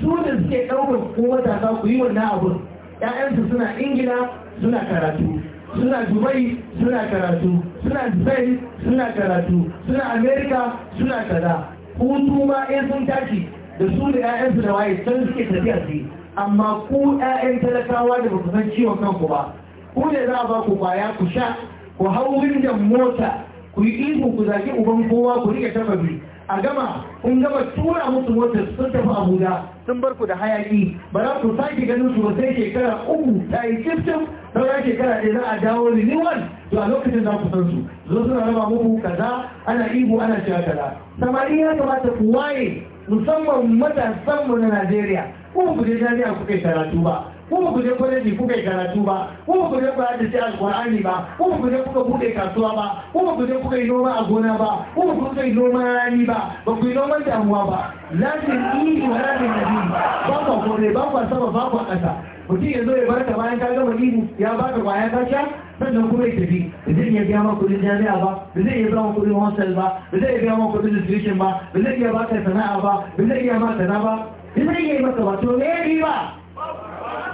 su da suke ɗaukar ko matasa ku yi wannan abin ‘ya'yansu suna ingila suna karatu suna dubai suna karatu suna dubai suna karatu suna amerika suna kaza hutu ma in sun tashi da su da ‘ya'yansu da waye can suke tafiya su amma ku ‘ya'yan talakawa da ba ku san ciwon kanku ba ku ne za a ba ku kwaya ku sha ku hau windan mota ku yi ihu ku zaki uban kowa ku rike tafafi a gama kun gama tura musu motar sun tafi abuja sun bar ku da hayaki ba za ku sake ganin su sai shekara uku ta yi cikin sauran shekara ɗaya za a dawo renewal to a lokacin za ku san su zo suna raba muku kaza ana ihu ana cewa kaza samari ya kamata ku waye musamman matasan mu na najeriya ko ku je jami'a ku kai karatu ba ko ku je kwaleji kuka yi karatu ba ko ba ku je ku haddace alkur'ani ba ko ba ku je kuka buɗe kasuwa ba ko ba ku je kuka yi noma a gona ba ko ku kuka yi noman rani ba ba ku yi noman damuwa ba lakin ni wa lakin nabi ba ku kore ba ku sama ba ku ƙasa mutum ya zo ya barka bayan ka gama ihu ya baka kwaya ka sha sannan kuma ya tafi ba zai iya biya ma kudin jami'a ba ba zai iya biya ma kudin hostel ba ba zai iya biya ma kudin nutrition ba ba zai iya ba baka sana'a ba ba zai iya ma Sana'a ba da zai iya maka wato ne ba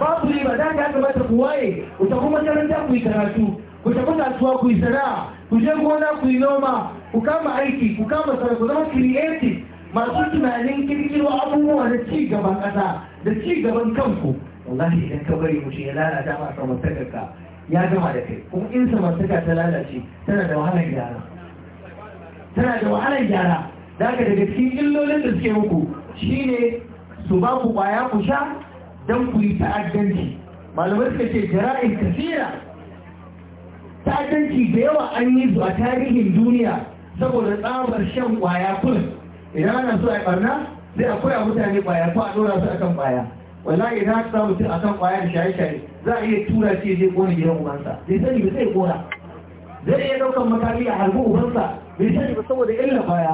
babu riba da ya kamata ku waye ku tafi makaranta ku yi karatu ku tafi kasuwa ku yi sana'a ku je gona ku yi noma ku kama aiki ku kama sana ku zama creative masu tunanin kirkiro abubuwa na ci gaban ƙasa da ci gaban kanku wallahi idan ka bari mutum ya lalata ma samartakarka ya gama da kai kuma in samantaka ta lalace tana da wahalar gyara tana da wahalar gyara da daga cikin illolin da suke muku shine su ba ku kwaya ku sha don ku ta'addanci malamai suka ce jara'in kasira ta'addanci da yawa an yi zuwa tarihin duniya saboda tsabar shan kwaya kun idan ana so a barna sai a koya mutane kwaya ko a dora su akan kwaya wallahi idan aka samu mutum akan kwaya da shaye-shaye za a iya tura ce zai kone gidan ubansa bai sani ba sai kora zai iya daukan makami a harbi ubansa bai sani ba saboda illa kwaya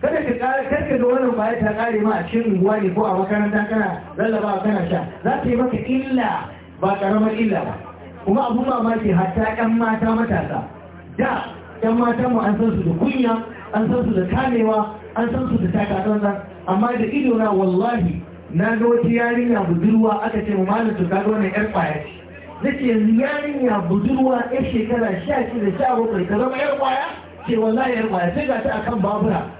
kada ka kare kar ka ga wannan baya ta kare ma a cikin unguwa ne ko a makaranta kana lallaba kana sha za ta yi maka illa ba karamar illa ba kuma abu mamaki hatta yan mata matasa da yan mata mu an san su da kunya an san su da kamewa an san su da taka tsantsan amma da ido na wallahi na ga wata yarinya budurwa aka ce mu malam to kaga wannan yar kwaya ce nake yanzu yarinya budurwa yar shekara sha shida sha bakwai ka zama yar kwaya ce wallahi yar kwaya sai ga ta akan babura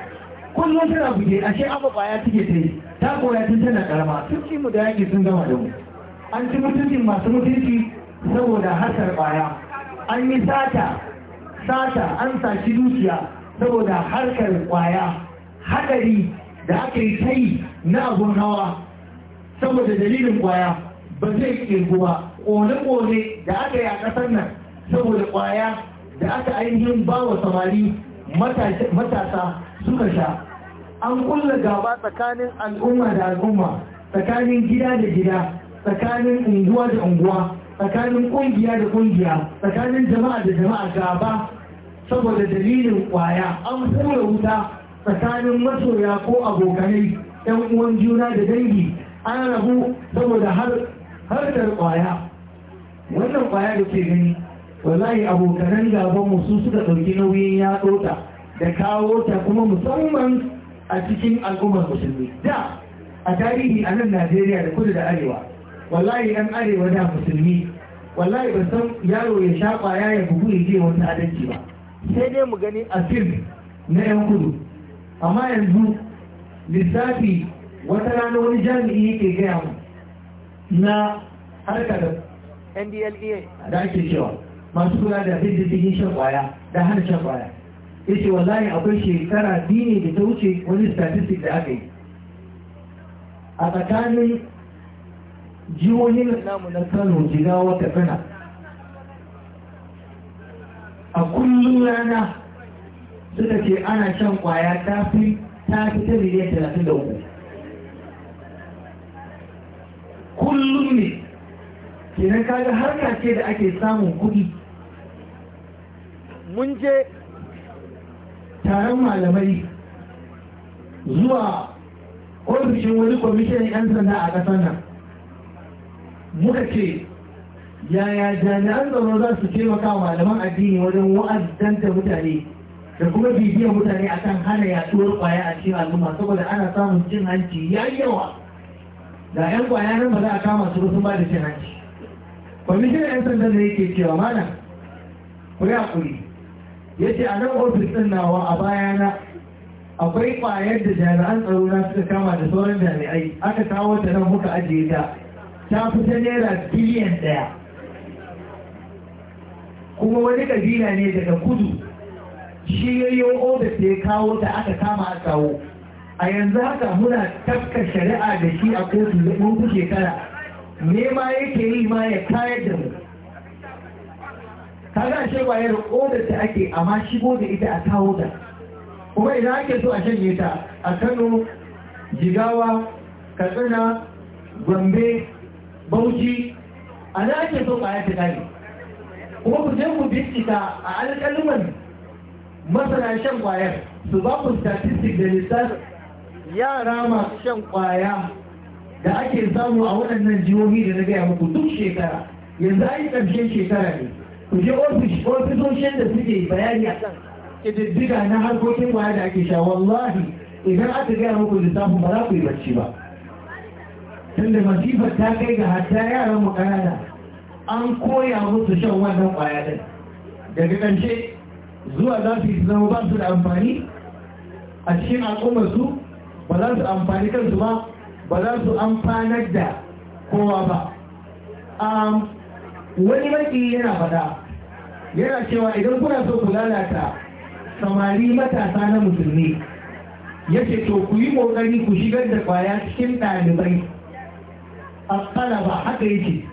kullum tana guje a ce abu baya suke ta yi ta koya tun tana karama sun mu da yaƙi sun gama da mu an ci mutuncin masu mutunci saboda harkar baya an yi sata sata an saci dukiya saboda harkar kwaya hadari da aka yi ta yi na abun hawa saboda dalilin kwaya ba zai kirgu ba kone-kone da aka yi a ƙasar nan saboda kwaya da aka ainihin ba wa samari matasa suka sha an kulla gaba tsakanin al'umma da al'umma tsakanin gida da gida tsakanin unguwa da unguwa tsakanin kungiya da kungiya tsakanin jama'a da jama'a gaba saboda dalilin kwaya an kura wuta tsakanin masoya ko abokanai yan uwan juna da dangi an rabu saboda harkar kwaya wannan kwaya da ke gani wallahi abokanan gaban mu su suka ɗauki nauyin ya ɗauka da kawo ta kuma musamman a cikin al'ummar musulmi da a tarihi a nan najeriya da kudu da arewa wallahi yan arewa da musulmi wallahi ba san yaro ya sha kwaya ya bugu ya je wata adalci ba sai dai mu gani a fim na yan kudu amma yanzu lissafi wata rana wani jami'i ke gaya mu na da e ndlea da ake cewa masu kula da bin shan kwaya da hana shan kwaya yace wallahi akwai shekara biyu ne da ta wuce wani statistic da aka yi a tsakanin jihohin namu na kano jigawa ta kana a kullum rana suka ce ana shan kwaya ta fi ta fi ta miliyan talatin da uku kullum ne kenan kaga harka ce da ake samun kuɗi mun je taron malamai zuwa ofishin wani kwamishin 'yan sanda a ƙasar nan muka ce yaya jami'an tsaro za su taimaka malaman addini wajen wa'azanta mutane da kuma bibiyar mutane akan hana yaduwar kwaya a cikin al'umma saboda ana samun cin hanci ya yawa da 'yan kwaya nan ba za a kama su sun ba da cin hanci kwamishin 'yan sanda ne yake cewa mana ku yi kuri ya ce a nan ofis ɗin nawa a bayana akwai ƙwayar da jami'an tsaro na suka kama da sauran jami'ai aka kawo ta nan muka ajiye ta ta fita naira biliyan ɗaya kuma wani kabila ne daga kudu shi ya yi ofis da ya kawo ta aka kama a tsawo a yanzu haka muna tafka shari'a da shi a kotu da ɗin shekara nema yake yi ma ya kayar da mu kaga ashe ba ya odar ta ake amma shigo da ita a kawo da kuma idan ake so a shanye ta a kano jigawa katsina gombe bauchi a nan ake so kwaya ta kare kuma ku je ku bincika a alƙaluman masana shan kwayar su ba ku statistic da lissar yara masu shan kwaya da ake samu a waɗannan jihohi da na gaya muku duk shekara yanzu a yi ƙarshen shekara ne ku je ofisoshin da suke bayani a kan ƙididdiga na harkokin waya da ake sha wallahi idan aka gaya muku lissafin ba za ku yi bacci ba tunda masifar ta kai ga hatta yaran mu ƙanana an koya musu shan wannan kwaya din daga ƙarshe zuwa za su yi zama ba su da amfani a cikin al'ummar su ba za su amfani kansu ba ba za su amfanar da kowa ba wani maki yana faɗa yana cewa idan kuna so ku lalata samari matasa na musulmi ya ce to ku yi ƙoƙari ku shigar da kwaya cikin ɗalibai a ba haka yake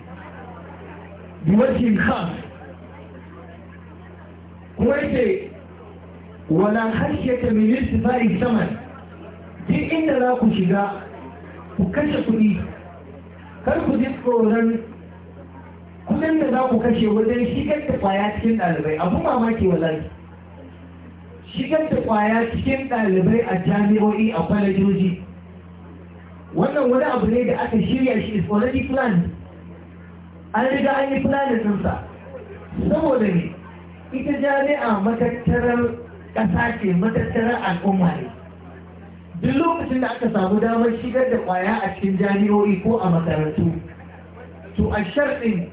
biwajin khas kuma yake wala harshe ta minista fa'i saman duk inda za ku shiga ku kashe kuɗi kar ku ji tsoron kusan da za ku kashe wajen shigar da kwaya cikin ɗalibai abu mamaki wajen. shigar da kwaya cikin ɗalibai a jami'o'i a kwalejoji wannan wani abu ne da aka shirya shi is already planned an riga an yi planin ɗinsa saboda ne ita jami'a matattarar ƙasa ce matattarar al'umma ne duk lokacin da aka samu damar shigar da kwaya a cikin jami'o'i ko a makarantu to a sharɗin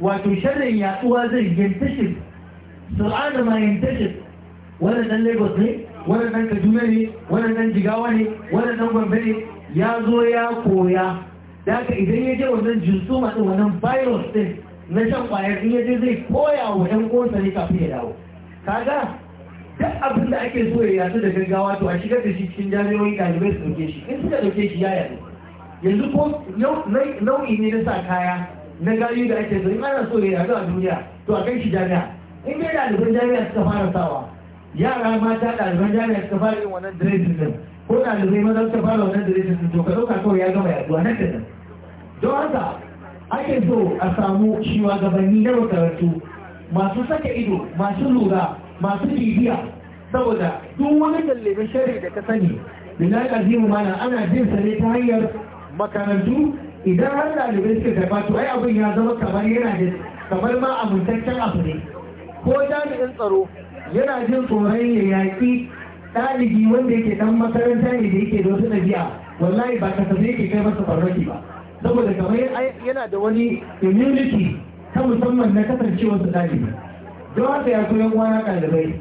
wato sharrin yaduwa zai yantashir sur'ana ma yantashir wannan dan lagos ne wannan dan kaduna ne wannan dan jigawa ne wannan dan gombe ne ya zo ya koya da haka idan ya je wannan jinsu masu wannan virus din na shan kwayar in ya je zai koya wa ɗan uwansa ne kafin ya dawo kaga duk abin da ake so ya yasu da gaggawa to a shigar da shi cikin jami'o'i ɗalibai su ɗauke shi in suka ɗauke shi ya yasu yanzu ko nau'i ne na sa kaya na gari da ake zai in so ya a a duniya to a kai shi jami'a in dai ɗaliban jami'a suka fara sawa yara mata ɗaliban jami'a suka fara yin wannan diresin din ko ɗalibai maza suka fara wannan diresin din to ka ɗauka kawai ya gama yaduwa nan da nan don haka ake so a samu shugabanni na makarantu masu saka ido masu lura masu bibiya saboda duk wani dalilin shari'a da ka sani bilal azimu mana ana jin sa ne ta hanyar makarantu idan har ɗalibai suke karɓa to ai abin ya zama kamar yana da kamar ma amintaccen abu ne ko jami'in tsaro yana jin tsoron ya yaƙi ɗalibi wanda yake dan makaranta ne da yake da wasu ɗabi'a wallahi ba kasafai yake kai masa farmaki ba saboda kamar yana da wani immunity ta musamman na kasancewar su ɗalibi don haka ya koyan wani ɗalibai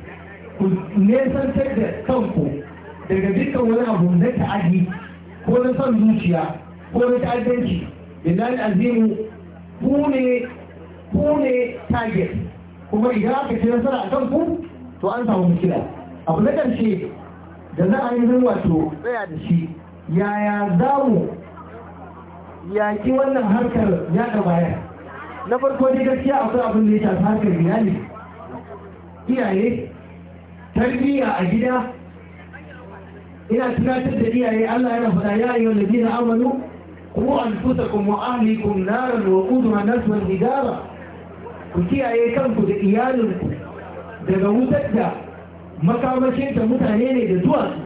ku nesan da kanku daga dukkan wani abu na ta'adi ko na son zuciya ko ta ta'addanci lillahi azimu ku ne ku target kuma idan aka ci nasara a kanku to an samu mushkila abu na ƙarshe da za a yi wato tsaya da shi yaya za mu yaƙi wannan harkar yaɗa baya na farko dai gaskiya akwai abin da ya shafi harkar iyali iyaye tarbiyya a gida ina tunatar da iyaye Allah yana faɗa ya ayyuhal ladina amanu ku an wa ahlikum naran wa qudha an-nas ku kiyaye kanku da iyalinku daga wutar da makamashin ta mutane ne da zuwa su?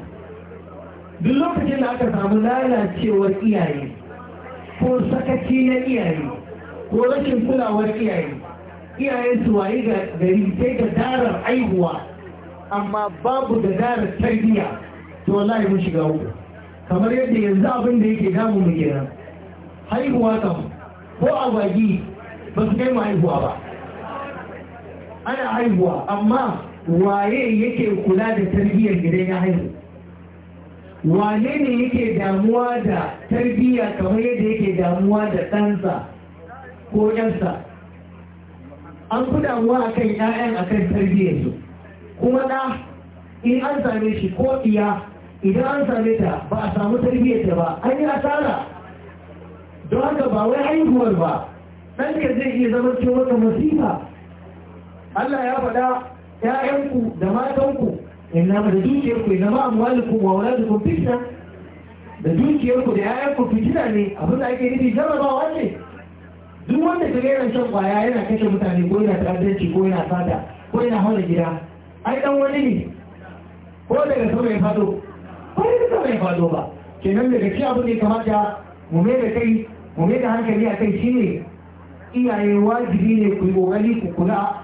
duk lokacin da aka samu lalacewar iyaye ko sakaci na iyaye ko rashin kulawar iyaye iyaye su waye gari sai da darar aihuwa amma babu da darar tarbiyya to wallahi mun shiga uku kamar yadda yanzu abin da yake damu mu kenan haihuwa kam ko agwagi ba su kai haihuwa ba ana haihuwa amma waye yake kula da tarbiyyar gidan ya haihu wane ne yake damuwa da tarbiyya kamar yadda yake damuwa da ɗansa ko ɗansa an fi damuwa a kan ‘ya'yan a kan tarbiyyarsu kuma ɗa in an same shi ko iya idan an same ta ba a samu tarbiyyar ta ba an yi asara don haka ba wai haihuwar ba ka zai iya zama ce wata masifa Allah ya faɗa ‘ya'yanku da matanku inna da dukiyarku inna ma amwalukum wa auladukum fitna da dukiyarku da ‘ya'yanku fitina ne abin da ake nufi jarrabawa ne duk wanda ka yana shan kwaya yana kashe mutane ko yana ta'addanci ko yana sata ko yana hana gida ai dan wani ne ko daga sama ya faɗo bai duka ya faɗo ba kenan daga shi abin ne kamata mu mai da kai mu mai da hankali a kai shine iyaye wajibi ne ku yi kokari ku kula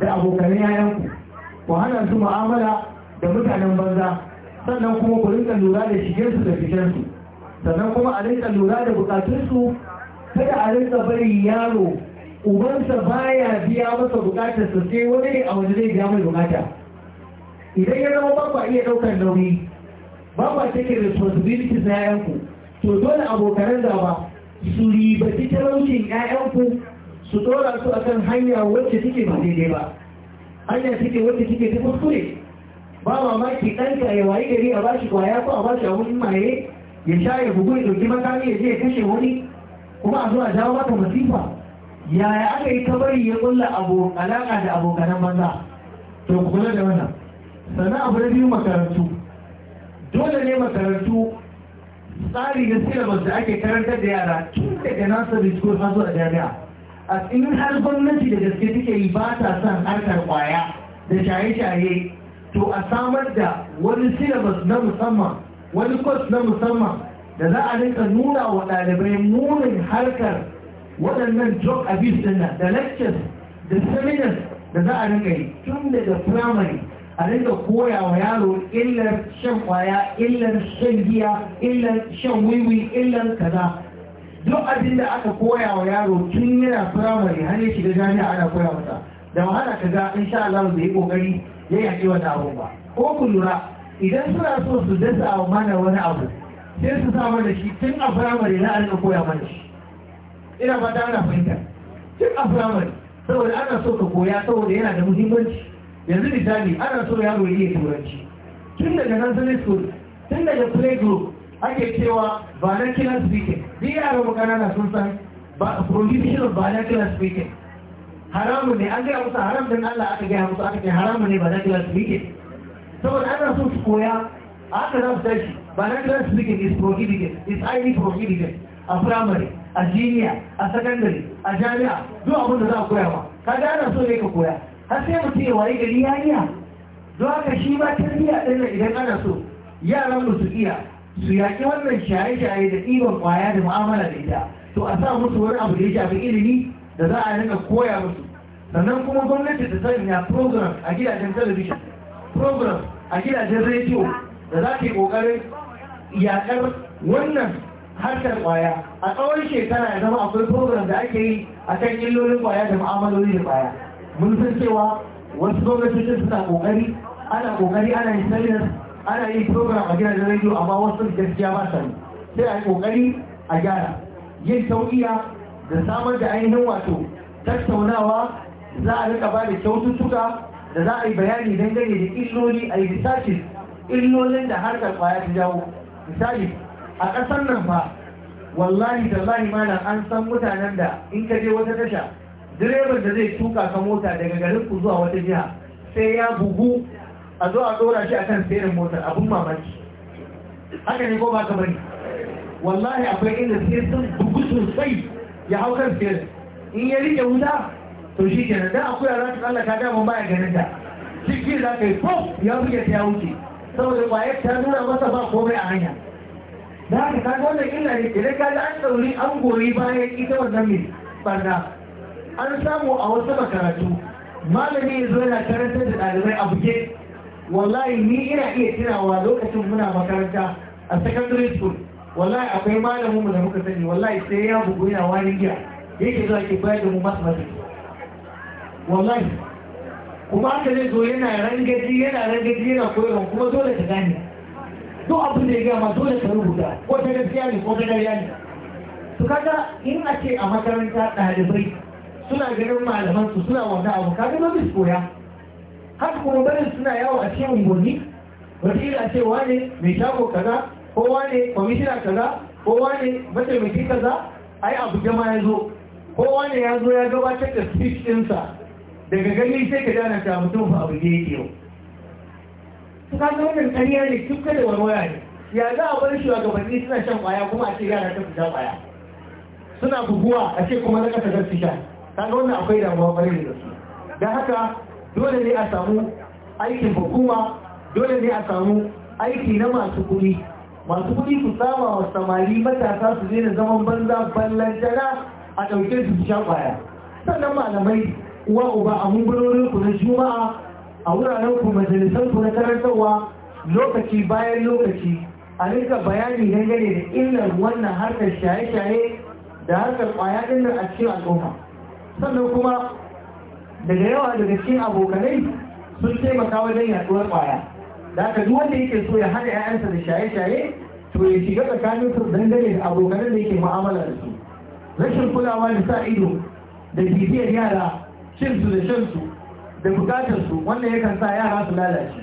da abokanan yayanku ku hana su mu'amala da mutanen banza sannan kuma ku rinka lura da shigensu da ficensu sannan kuma a rinka lura da bukatunsu kada a rinka bari yaro ubansa baya biya masa bukatarsa sai wani ne a wani zai biya mai bukata idan ya zama ba iya ɗaukar nauyi ba kwa take responsibilities na yayanku to dole abokanan gaba su ribaci talaucin yayanku su dora su akan hanya wacce take ba daidai ba hanya take wacce take ta kuskure ba mamaki ɗanka ya wayi gari a bashi kwaya ko a bashi abun maye ya sha ya bugu ya ɗauki makami ya je ya kashe wani kuma a zo a jawo maka masifa yaya aka yi kabari ya kulla alaƙa da abokanan banza to kula da wannan sannan abu na biyu makarantu dole ne makarantu tsari da syllabus da ake karantar da yara tun daga nursery school har zuwa jami'a a in har gwamnati da gaske take yi ba ta son harkar kwaya da shaye-shaye to a samar da wani syllabus na musamman wani course na musamman da za a rinka nuna wa ɗalibai munin harkar waɗannan drug abuse ɗin da lectures da seminars da za a rinka yi tun daga primary a koya wa yaro illar shan kwaya illar shan giya illar shan wiwi illar kaza duk abin da aka koya wa yaro tun yana firamare har ya shiga jami'a ana koya masa da wahala ka ga in sha Allah bai yi kokari ya yaƙi wannan abun ba ko ku lura idan suna so su dasa mana wani abu sai su sa mana shi tun a firamare na an koya mana shi ina fata ana fahimta tun a firamare saboda ana so ka koya saboda yana da muhimmanci yanzu misali ana so yaro ya iya turanci tun daga sun school tun daga play group ake cewa kira speaking duk yaro mu kanana sun san prohibition of kira speaking haramu ne an gaya musu haram din Allah aka gaya musu aka ce haramu ne kira speaking saboda ana so su koya aka za su tashi kira speaking is prohibited is highly prohibited a primary a junior a secondary a jami'a duk abin da za a koya ma kaga ana so ne ka koya har sai mutum ya waye gari ya iya zuwa haka shi ma tarbiyya ɗin idan ana so yaran mu su iya su yaƙi wannan shaye-shaye da ɗiban ƙwaya da mu'amala da ita to a sa musu wani abu da ya shafi ilimi da za a rika koya musu sannan kuma gwamnati ta sanya program a gidajen talabijin program a gidajen rediyo da za ta yi ƙoƙarin yaƙar wannan harkar ƙwaya a tsawon shekara ya zama akwai program da ake yi a kan illolin ƙwaya da mu'amaloli da ƙwaya mun san cewa wasu gwamnatocin suna kokari ana kokari ana yin seminar ana yin program a gidajen rediyo amma wasu gaskiya ba sa sai a yi kokari a gyara yin sauƙiya da samar da ainihin wato tattaunawa za a rika ba da kyaututtuka da za a yi bayani dangane da illoli a yi researches illolin da harkar kwaya ta jawo misali a ƙasar nan fa wallahi tallahi malam an san mutanen da in ka je wata tasha direban da zai tuka ka mota daga garin ku zuwa wata jiha sai ya bugu a zo a dora shi akan tsirin motar abun mamaki haka ne ko ba ka bari wallahi akwai inda sai sun bugu sosai ya hau kan tsirin in ya rike wuta to shi nan. dan akwai yara ta tsallaka mun baya ganin ta ciki za ka yi ko ya buge ta ya wuce saboda kwayar ta nuna masa ba komai a hanya da haka ka ga wannan illa ne idan ka ga an ɗauri an gori bayan ita wannan mai barna an samu a wasu makarantu malami ya zo yana karantar da ɗalibai a buge wallahi ni ina iya tunawa lokacin muna makaranta a secondary school wallahi akwai malamin mu da muka sani wallahi sai ya bugu yana wani giya yake zuwa ke bayar da mu mathematics wallahi kuma haka zai zo yana rangaji yana rangaji yana koyarwa kuma dole ka gane duk abin da ya gama dole ka rubuta ko ta gaskiya ne ko ta gariya ne to kaga in a ce a makaranta ɗalibai suna ganin malaman su suna wanda abu kaga ba su koya haka kuma barin suna yawo a cikin unguwanni wataƙila ce wane mai shago kaza ko wane kwamishina kaza ko wane mataimaki kaza ai abu jama ya zo ko wane ya zo ya gabatar da speech ɗinsa daga gani sai ka dana ta mutum fa abu da yake yau su ka ga wannan kariya ne duk kada warwaya ne ya za a bar shi shugabanni suna shan kwaya kuma a ce yara ta fita kwaya suna buguwa a ce kuma na kasa su sha kaga wannan akwai damuwa kwarai da gaske don haka dole ne a samu aikin hukuma dole ne a samu aiki na masu kuɗi masu kuɗi ku sama wa samari matasa su daina zaman banza ballan jana a ɗauke su sha kwaya sannan malamai uwa uba a mumburorin ku na juma'a a wuraren ku majalisar ku na karantarwa lokaci bayan lokaci a rika bayani dangane da illar wannan harkar shaye-shaye da harkar kwaya ɗin a cikin al'umma sannan kuma daga yawa daga cikin abokanai sun taimaka wajen yaduwar ƙwaya da aka duk wanda yake so ya hana 'ya'yansa da shaye-shaye to ya shiga tsakanin su dangane da abokanan da yake mu'amala da su rashin kulawa da sa ido da bibiyar yara cin su da shan su da bukatar su wannan yakan sa yara su lalace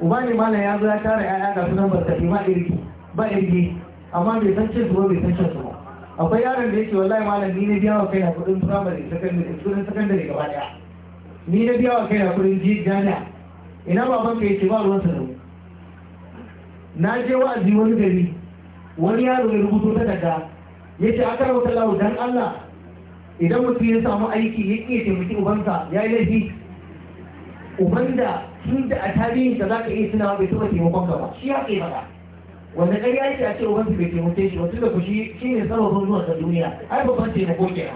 uba ne malam ya zo ya tara 'ya'ya ga sunan barkatai ma irki ba irki amma bai san cin su ba bai san shan su ba akwai yaron da yake wallahi malam ni na biya wa kaina kudin primary secondary kudin secondary gaba daya ni na biya wa kaina kudin ji jami'a ina baban ka yace ba ruwan sa na je wa'azi wani gari wani yaro ya rubuto ta daga yace aka ta lawo dan Allah idan mutum ya samu aiki ya iya taimaki ubansa ya yi laifi uban da tun da a tarihin ka za ka iya tunawa bai taɓa taimakon gaba. ba shi ya ke faɗa wanda kai ya ce a ce ubansu bai taimake shi wasu da ku shi shi ne sababin zuwan sa duniya ai ban taimako na koke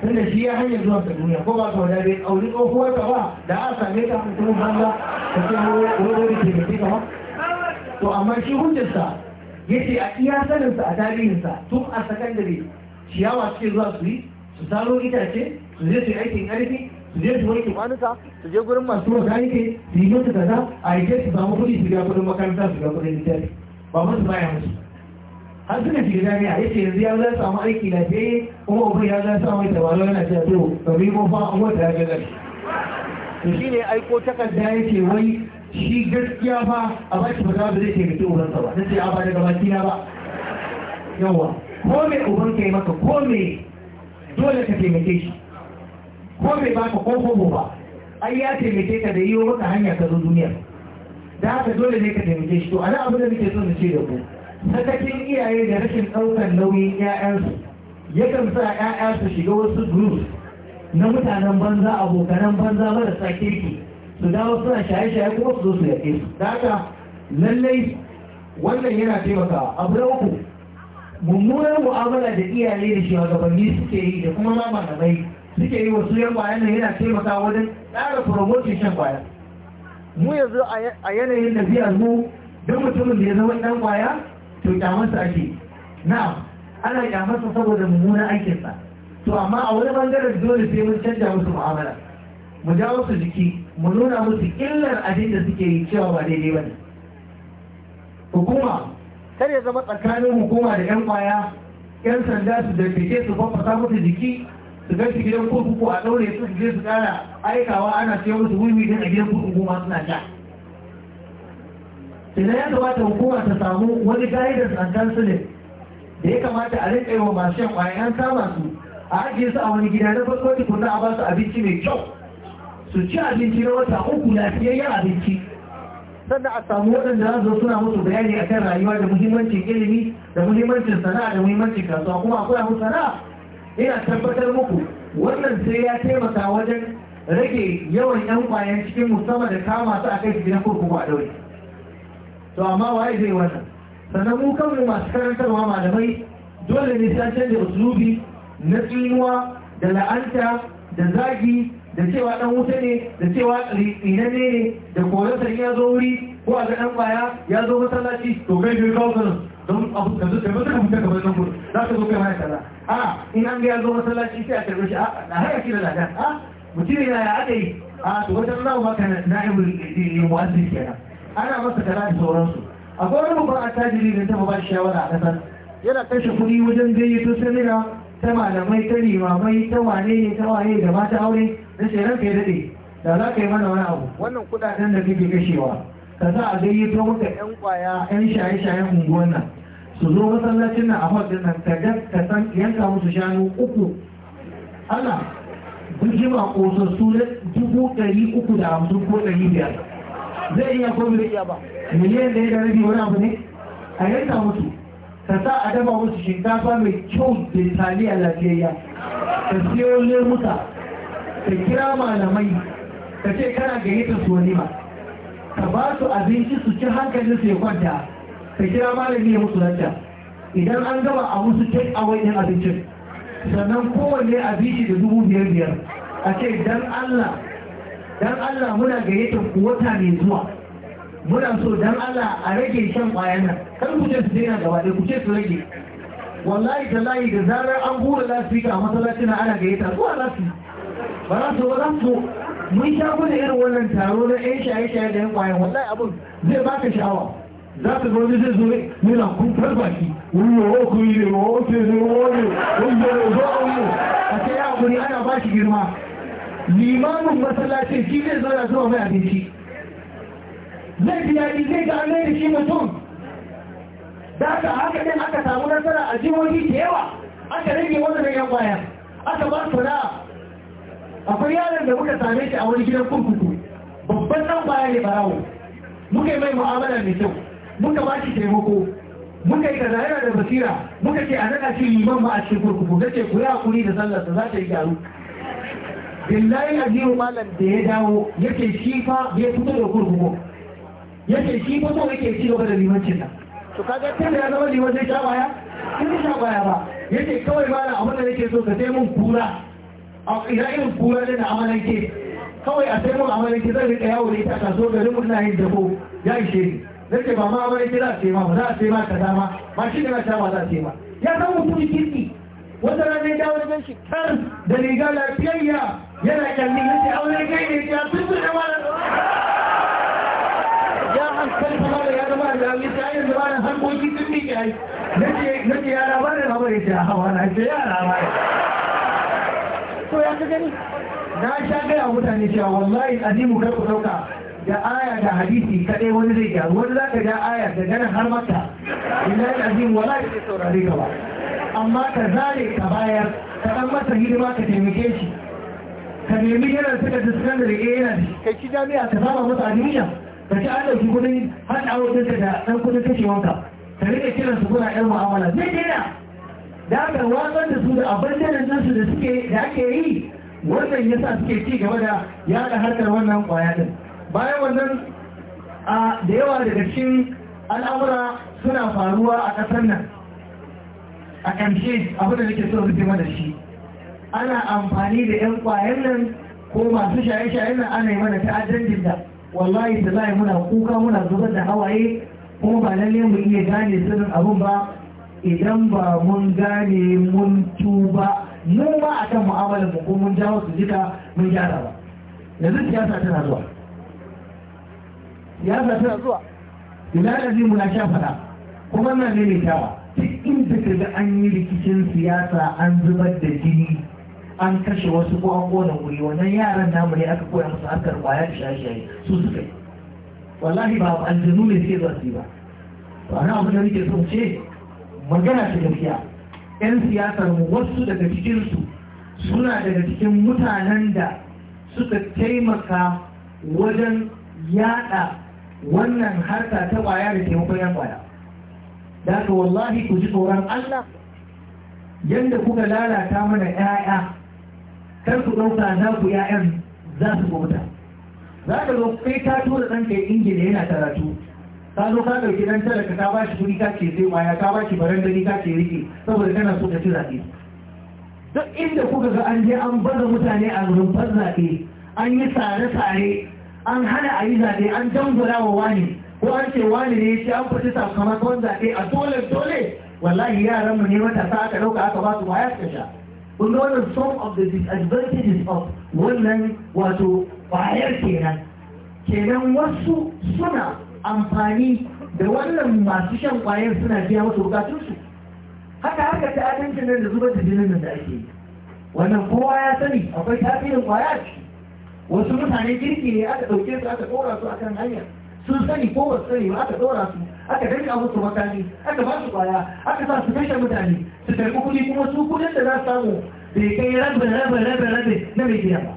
tunda shi ya hanyar zuwan sa duniya ko ba ka wada bai ko kuwa ta ba da a same ka cikin banza ka ce wani taimake ka ba to amma shi hujjarsa ya ce a iya saninsa a tarihinsa tun a sakandare ciyawa suke zuwa su yi su saro itace su je su yi aikin ƙarfi su je su wanke kwanuka su je gurin masu makanike su yi mutu kaza a yi su samu kuɗi su ga kuɗin makaranta su ga kuɗin littafi baban ba ya mutu har suka shiga jami'a ya ce yanzu ya za samu aiki lafiya kuma uban ya za samu mai tabaro yana cewa to bari ko fa an wata ya gagar to shi ne aiko takarda ya ce wai shi gaskiya ba a ba shi ba zai taimaki ubansa ba sai a ba daga baki na ba yawa ko mai uban ka yi maka ko mai dole ka taimake shi ko mai baka ko kobo ba ai ya taimake ka da yi maka hanya ka zo duniyar da haka dole ne ka taimake shi to ana abin da muke so mu ce da ku sakakin iyaye da rashin ɗaukar nauyin 'ya'yansu yakan sa 'ya'yansu shiga wasu groups na mutanen banza abokanan banza marasa kirki su dawo suna shaye-shaye kuma su zo su yaƙe su da haka lallai wannan yana taimakawa abu na uku mummunar mu'amala da iyaye da shugabanni suke yi da kuma ma malamai suke yi wasu yan bayan nan yana taimakawa wajen ƙara promotion shan kwaya mu yanzu a yanayin tafiyar mu don mutumin da ya zama ɗan ƙwaya, to ƙyamarsa ake Na, ana ƙyamarsa saboda mummunan aikinsa to amma a wani ɓangaren dole sai mun canja musu mu'amala mu ja musu jiki mu nuna musu illar abin da suke yi cewa ba daidai ba ne hukuma kar ya zama tsakanin hukuma da ƴan ƙwaya, ƴan sanda su da su fafasa musu jiki su kai gidan kurkuku a ɗaure su je su ƙara aikawa ana siya musu wuri din a gidan kurkuku masu na sha idan ya kamata hukuma ta samu wani guidance and counseling da ya kamata a rinƙa yi wa masu shan ƙwaya an kama su a ajiye su a wani gida na farko kuna a ba su abinci mai kyau su ci abinci na wata uku lafiyayyen abinci sannan a samu waɗanda za su suna musu bayani akan rayuwa da muhimmancin ilimi da muhimmancin sana'a da muhimmancin kasuwa kuma akwai musu sana'a ina tabbatar muku wannan sai ya taimaka wajen rage yawan yan kwayan cikin musamman da kama su a kai su gina kurkuku a daure to amma waye zai wannan sannan mu kanmu masu karantarwa malamai dole ne sai canza usulubi na tsinuwa da la'anta da zagi da cewa dan wuta ne da cewa tsinanne ne da korasar ya zo wuri ko a ga dan kwaya ya zo masallaci to kai bai kawo don abu ka zo ka zo ka mutu ka zo za ka zo kai haya a in an ga ya zo masallaci sai a karbe shi a na haya shi da ladan a mutum yana ya aka yi a to wajen nawa maka yi mu'azzin kenan ana masa kaza da sauransu akwai wani babban attajiri da ta ba shawara a kasar yana kashe kuɗi wajen gayyato samira ta malamai ta limamai ta wane ne ta waye da mata aure na ce ranka ya daɗe da za ka yi mana wani abu wannan kuɗaɗen da kake kashewa ka sa a gayyato maka yan kwaya yan shaye-shayen unguwar nan su zo masallacin nan a hajjin nan ka ga ka san yanka musu shanu uku ana bijima kosassu na dubu ɗari uku da hamsin ko ɗari biyar zai iya ko bai iya ba miliyan ɗaya da rabi wani abu ne a yanka musu ka sa a dama musu shinkafa mai kyau da taliya lafiyayya ka siyo lemuka ka kira malamai ka ce kana gayyatar su wani ba ka ba su abinci su ci hankali su ya kwanta ka kira malami ya musu lacca idan an gaba a musu take away din abincin sannan kowanne abinci da dubu biyar biyar a ce dan Allah dan Allah muna gayyata ku wata mai zuwa muna so dan Allah a rage shan kwayan nan kar ku ce su daina gaba ɗaya ku ce su rage wallahi layi da zarar an hura lafiya a na ana gayyata zuwa lafiya ba za su ba za su mun sha gudu irin wannan taro na yan shaye-shaye da yan kwayan wallahi abin zai baka sha'awa za ka zo zai zo na kun farba shi wani yawo ku yi ne ma wace ne ma wani wani yawo zo a wani a yi abu ne ana ba shi girma limamin masallacin shi zai zo na zuwa mai abinci zai fi daɗi zai ga an da shi mutum da aka haka ne aka samu nasara a jihohi da yawa aka rage wannan yan baya aka ba su da akwai yaron da muka same shi a wani gidan kurkuku babban nan baya ne barawo muka yi mai mu'amala mai kyau muka ba shi taimako muka yi ka yana da basira muka ce a naɗa shi liman ma a cikin kurkuku na ce ku yi hakuri da sallarsa za ta yi gyaru billahi azimu malam da ya dawo yake shi fa ya fito da kurkuku yake shi fa so yake ci gaba da limancin nan to kaga tun da ya zama liman zai sha baya in sha baya ba yake kawai malam abin da nake so ka sai mun kura a ina irin kura ne na amalanke kawai a sai mun amalanke zan rika yawo ne ta kaso garin mun na yin dafo ya ishe ni na ce ba ma amalanke za a ce ma ba za a ce ma ka dama ma shi ne na ta ma za a ce ma ya san mutum kirki wata rana ya dawo da shi tar da riga lafiyayya yana kyalli na ce aure kai ne ya tuntun da malam ya hankali kuma da ya zama da ya ta yin zama da harkokin duk ne ke ai na ce yara ba da hawa ya ce hawa na ce yara ba to ya ka gani na sha gaya mutane cewa wallahi azimu kar ku dauka da aya da hadisi kadai wani zai gyaru wani za ka ga aya da ganin har maka illahi azimu wallahi zai saurare ka ba amma ka zare ka bayar ka dan masa hidima ka taimake shi ka nemi yana suka diskan da rike eh, yana da kai shi jami'a ka saba masa adimiya ka ci an dauki kudin har da awo da dan kudin kashewanka ka rike kiran su kuna yan mu'amala zai daina da aka watsar da su da abandonan nasu da suke da ake yi wannan yasa suke ci gaba da yada harkar wannan kwaya din bayan wannan a da yawa daga cikin al'amura suna faruwa a ƙasar nan a ƙarshe abin da nake so rufe mana shi ana amfani da 'yan kwayan nan ko masu shaye-shayen nan ana yi mana ta'addan da wallahi da muna kuka muna zubar da hawaye kuma ba lalle mu iya gane sirrin abun ba idan ba mun gane mun tuba mu ba a kan mu'amalar mu ko mun jawo su jika mun gyara ba yanzu siyasa tana zuwa siyasa tana zuwa ina da zimu na sha fada kuma nan ne kyawa duk inda ka ga an yi rikicin siyasa an zubar da jini an kashe wasu ko an kona wuri wannan yaran namu ne aka koya musu harkar kwaya da shaye-shaye su suka yi wallahi ba aljanu ne sai ba su yi ba to abu da nake son ce magana ta tafiya, yan siyasar wasu daga cikinsu suna daga cikin mutanen da suka taimaka wajen yada wannan harka ta baya da taimakon yan baya da ka wallahi ku ji tsoron Allah yadda kuka lalata mana 'ya'ya kar ku ɗauka na ku 'ya'yan za su bauta za ka zo kai ta tura ɗanka ya ingila yana karatu ka zo ka ɗauki talaka ta ba shi kuɗi ka ce sai waya ta ba shi ka ce riƙe saboda kana so ka ci zaɓe duk inda kuka ga an je an baza mutane a rumfar zaɓe an yi tsare-tsare an hana a yi zaɓe an dangula wa wani ko an ce wani ne ce an fita sakamakon zaɓe a dole dole wallahi yaran mu ne matasa aka ɗauka aka ba su waya suka sha kun ga wannan some of the disadvantages of wannan wato kwayar kenan kenan wasu suna amfani da wannan masu shan kwayar suna biya musu bukatunsu haka haka ta abincin nan da zubar da jinin nan da ake yi wannan kowa ya sani akwai tasirin kwaya ce ciki wasu mutane kirki ne aka ɗauke su aka ɗora su akan hanya sun sani ko wasu sani ba aka ɗora su aka danka musu makami aka ba su kwaya aka sa su kashe mutane su karbi kuɗi kuma su kuɗin da za su samu bai kai rabin rabin rabin rabin na mai biya ba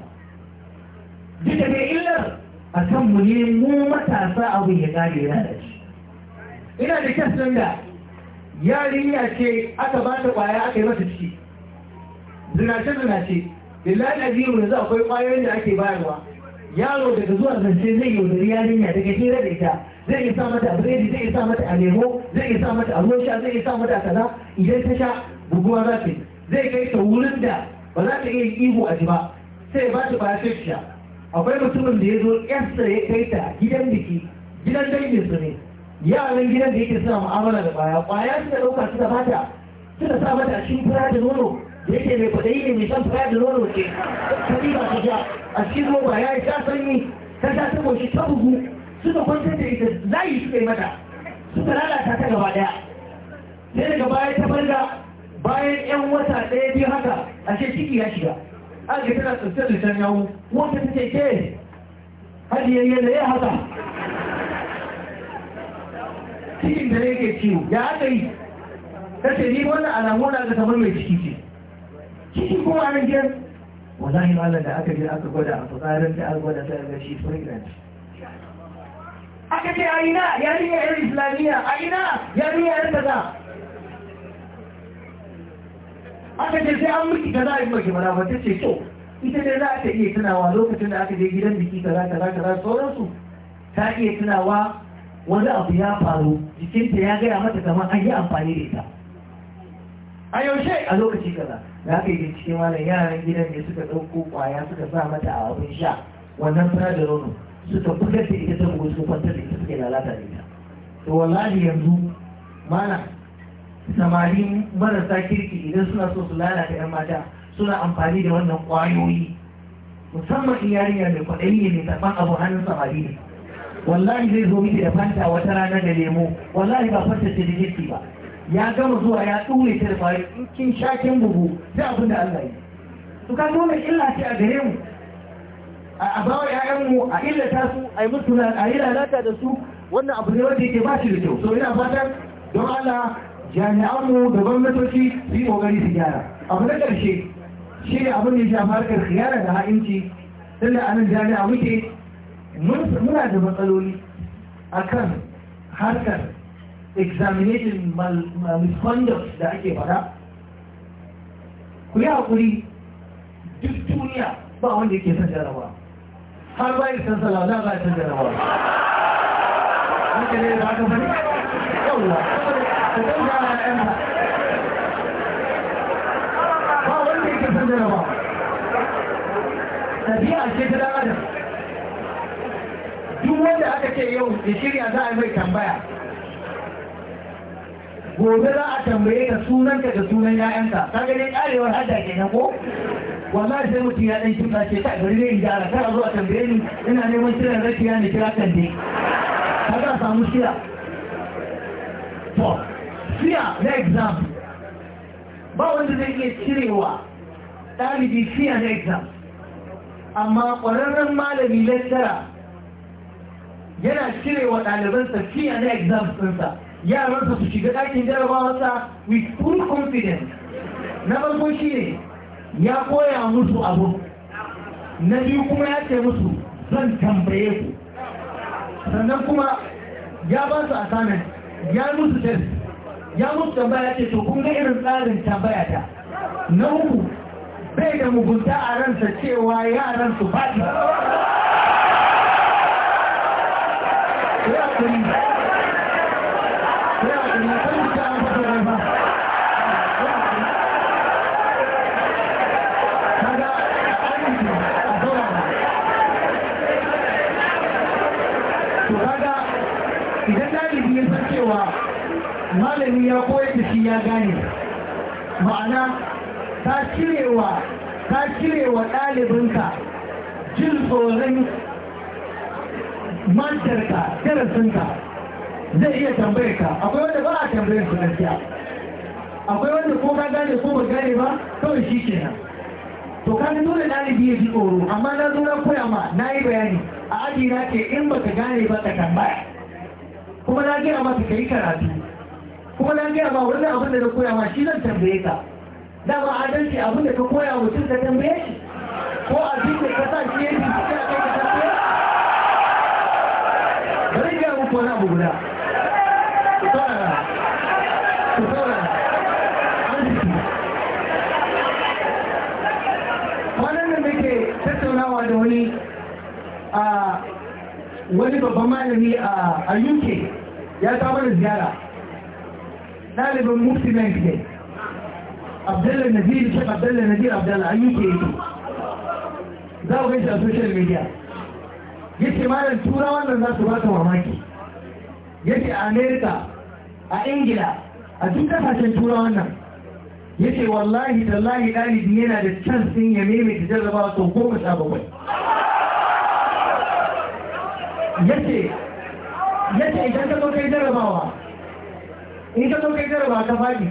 duka dai illar a kan mu ne mu matasa abin ya kare ya da shi ina da kyasin da yarinya ce aka ba ta kwaya aka yi masa ciki zinace zinace lillahi azimu yanzu akwai kwayoyin da ake bayarwa yaro daga zuwa zance zai yaudari yarinya daga hira da ita zai iya sa mata zai iya sa mata a lemo zai iya sa mata a ruwan zai iya sa mata a kaza idan ta sha buguwa za ta zai kai ta wurin da ba za ta iya ihu a ji ba sai ba ta ba ta sha akwai mutumin da ya zo yarsa ya kai ta gidan biki gidan dangin su ne yaran gidan da yake suna mu'amala da baya baya suka ɗauka suka bata suka sa mata cikin fura da nono da yake mai kwadayi ne mai san fura da nono ce ta ba ta sha a cikin roba ya yi sha sanyi ta sha ta goshi ta bugu suka kwantar da ita layi suka yi mata suka lalata ta gaba ɗaya sai daga baya ta farga bayan 'yan wata ɗaya biyu haka ashe ciki ya shiga هذه كانت تستدل ثاني يوم وقت تيكيه هذه هي اللي ايه هذا تيكين دليل كتير يا عدي تتجيب ولا على مولا هذا تقول ما يتكيكي كيكي كو عمل جيب والله ما لا أكد الأكد ولا أفضل أكد الأكد ولا أفضل شيء فريغرانس أكد يا عيناء يا عيناء الإسلامية عيناء يا عيناء الإسلامية aka je sai an miki kaza in yi mana wata ce to ita dai za ta iya tunawa lokacin da aka je gidan biki kaza kaza kaza sauransu ta iya tunawa wani abu ya faru jikinta ya gaya mata kamar an yi amfani da ita a yaushe a lokaci kaza da aka yi cikin malam yaran gidan ne suka ɗauko kwaya suka sa mata a abin sha wannan fara da nono suka bugar da ita ta bugu suka kwantar da ita suka lalata da ita to wallahi yanzu mana samari marasa kirki idan suna so su lalata 'yan mata suna amfani da wannan kwayoyi, musamman in yarinya mai kwaɗayi ne mai karɓar abu hannun samari ne wallahi zai zo miki da fanta wata rana da lemo wallahi ba fanta ce da girki ba ya gama zuwa ya ɗure ta da fari kin sha kin bugu sai abin da Allah yi to ka zo illa ce a gare mu a bawa ƴaƴanmu a illata su a yi musu a yi lalata da su wannan abu ne wanda yake ba shi da kyau so ina fatan don Allah Jami'an mu da gwamnatoci su yi kokari su gyara abu na ƙarshe shi ne abin da ya shafi harkar khiyara da ha'inci tunda a nan jami'a muke muna da matsaloli a kan harkar examination misconduct da ake faɗa ku yi haƙuri duk duniya ba wanda yake son jarabawa har ba yi san za a san jarabawa. Haka ne da cin tafiya ce ta dan duk wanda aka ce yau da shirya za a mai tambaya gobe za a tambaye ka sunanka da sunan ya'yanka ka gani dai karewar hadda nan ko wallahi sai mutum ya ɗan kimta ce kai bari in gyara kar zo a tambaye ni ina neman kiran rakiya ne kira kan dai ka a samu shira to siya na exam ba wanda zai iya cirewa ɗalibi shi a exam amma ƙwararren malami lecturer yana cire wa ɗalibansa fi a na exam ɗinsa yaransa su shiga ɗakin jarabawarsa with full confidence na farko shi ne ya koya musu abu na biyu kuma ya ce musu zan tambaye ku sannan kuma ya ba su assignment ya musu test ya musu tambaya ce to kun ga irin tsarin tambaya ta na uku bai da mugunta a ransa cewa yaran su faɗi malami ya koya da shi ya gane ma'ana ka cirewa ka cirewa ɗalibinka jin tsoron mantarka darasinka zai iya tambaye ka akwai wanda ba a tambayar su gaskiya akwai wanda ko ka gane ko ba gane ba kawai shi kenan to ka nuna ɗalibi ya ji tsoro amma na zo na koya ma na yi bayani a aji na ce in baka gane ba ka tambaya kuma na gaya maka ka yi karatu kuma na gaya ma wani abin da na koya ma shi zan tambaye ka dama adalci abin da ka koya mutum ka tambaye shi ko a da ka sa shi ya yi kai ka tambaye bari ga muku wani abu guda ku saurara ku saurara kwanan da muke tattaunawa da wani a wani babban malami a uk ya kawo da ziyara ɗalibin mufti bank ne abdalla nadir shi abdalla nadir abdalla an yi ke yi za ku gaishe a social media yace malam tura nan za su baka mamaki yace a america a ingila a duk kasashen tura wannan yace wallahi tallahi ɗalibi yana da can sun ya maimaita jarrabawa sau goma sha bakwai yace yace idan ka zo kai jarrabawa in ka zo kai jarrabawa ka faɗi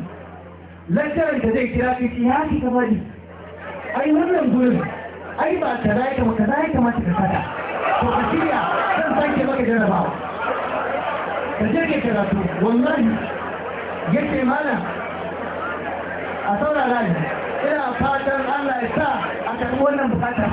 lantaran ta zai kira ka ce ya ka bari ai wannan gurin ai ba ka za ka maka kamata ka to ka shirya zan sake maka jarabawa ka je ka karatu wallahi yake mana a saurara ne ina fatan Allah ya sa a karɓi wannan bukata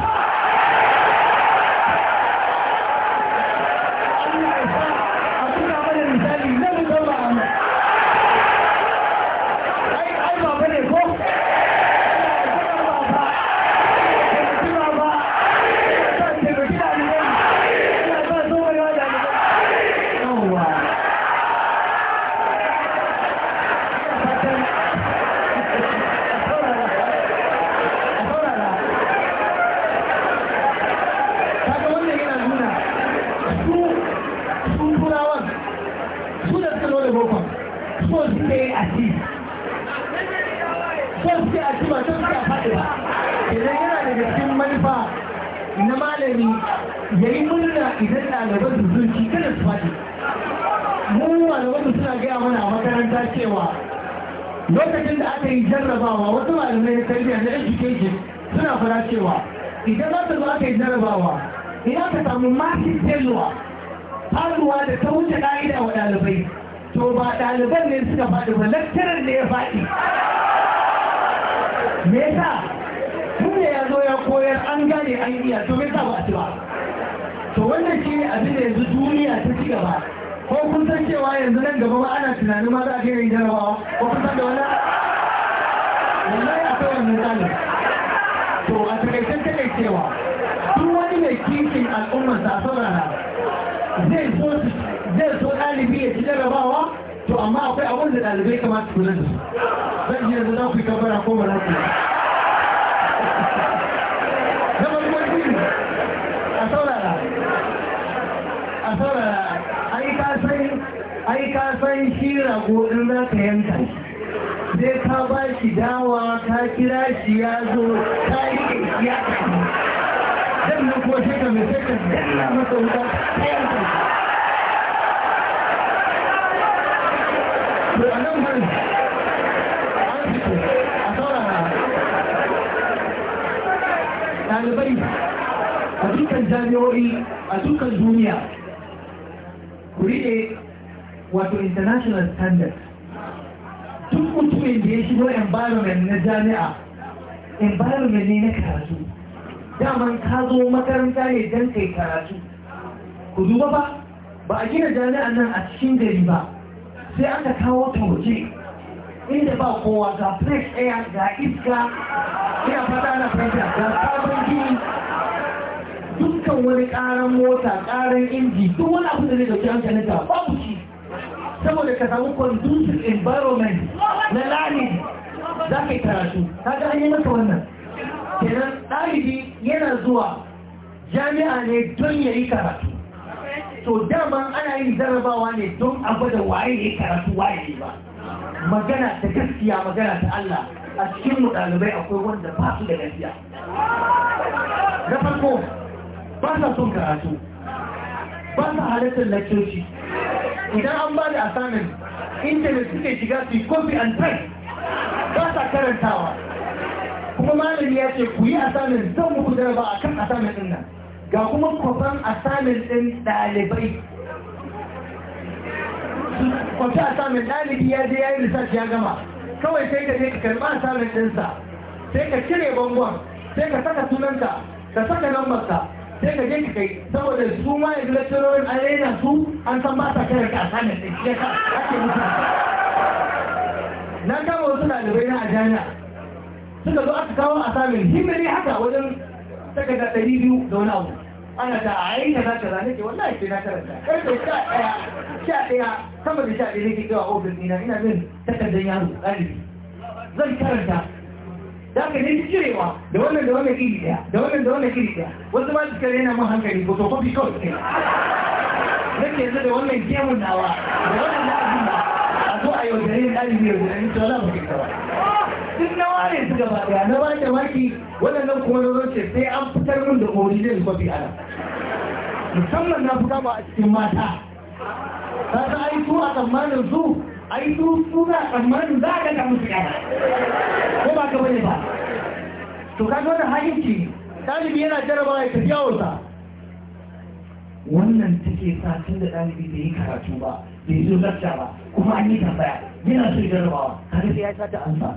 jarrabawa wasu malamai na tarbiyya na education suna fara cewa idan za ta zo aka yi jarrabawa idan ka samu makin telluwa faruwa da ta wuce ka'ida wa ɗalibai to ba ɗaliban ne suka faɗi ba lakcarar ne ya faɗi me yasa tun da ya zo ya koyar an gane an iya to me yasa ba a ba to wannan shi ne abin da yanzu duniya ta ci gaba ko kun san cewa yanzu nan gaba ba ana tunanin ma za a kai jarabawa ko kun san da wannan tsanin to a takaicen cewa duk wani mai kishin al'ummarsa a saurara zai so zai so ɗalibi ya ci jarrabawa to amma akwai abin da ɗalibai kamata su kula da su zan yi yanzu za ku yi kabara ko ba za ku a saurara a saurara ai ka san shi rago in za ka yanka shi je ka ba shi dawa ka kira shi ya zo ka yi ya kamu nan kuma sai ka mai sai ka danna masa wuta ta yanka to a nan gurin an ce a saurara ɗalibai a dukkan jami'o'i a dukkan duniya ku riƙe wato international standards duk mutumin da ya shigo environment na jami'a environment ne na karatu daman ka zo makaranta ne don kai karatu ku duba ba ba a gina jami'an nan a cikin gari ba sai aka kawo ta waje inda ba kowa ga fresh air ga iska ina fata na fata ga sabon gini dukkan wani karan mota karan inji duk wani abu da zai dauki hankalinka babu shi saboda ka samu conducive environment na lalibi za ka yi karatu ta an yi maka wannan kenan ɗalibi yana zuwa jami'a ne don ya yi karatu to dama ana yin jarrabawa ne don a gwada waye ya yi karatu waye ne ba magana ta gaskiya magana ta Allah a cikin mu ɗalibai akwai wanda ba su da gaskiya na farko ba sa son karatu ba sa halartar lakcoci idan an ba da assignment intanet suke shiga su copy and paste ba sa karantawa kuma malami ya ce ku yi asamin zan muku jaraba a kan asamin din nan ga kuma kwafan asamin ɗin ɗalibai kwafi asamin ɗalibi ya je ya yi research ya gama kawai sai ka je ka karɓi asamin ɗinsa sai ka cire bangon sai ka saka sunanka ka saka lambarsa sai ka je ka kai saboda su ma yanzu lecturerin an raina su an san ba sa kai ka asana sai ke ka ake mutu na kama wasu ɗalibai na a jami'a suka zo aka kawo a asamin himmiri haka wajen takarda ɗari biyu da wani abu ana ta a yi kaza kaza nake wallahi sai na karanta karfe sha ɗaya sha sama da sha ɗaya nake kewa ofis ɗina ina bin takardar yaro ɗalibi zan karanta za ka ne cirewa da wannan da wannan iri da wannan da wannan iri daya wasu ba su yana mun hankali ko to kofi kawai ne nake da wannan gemun nawa da wannan da a zo a yau da yin ɗalibi yau da yin tsola ba kika su gaba na ba da wannan waɗannan kuma na zoce sai an fitar min da original kofi ana musamman na fita ba a cikin mata ta ta aiko a tsammanin su ai su suna tsammanin za a daga musu yana ko ba ka bane ba to ka ga wannan hakinci dalibi yana jaraba ya tafi yawonsa wannan take sa tun da dalibi bai yi karatu ba bai zo lakta ba kuma an yi tambaya yana so jarabawa kaga sai ya sata ansa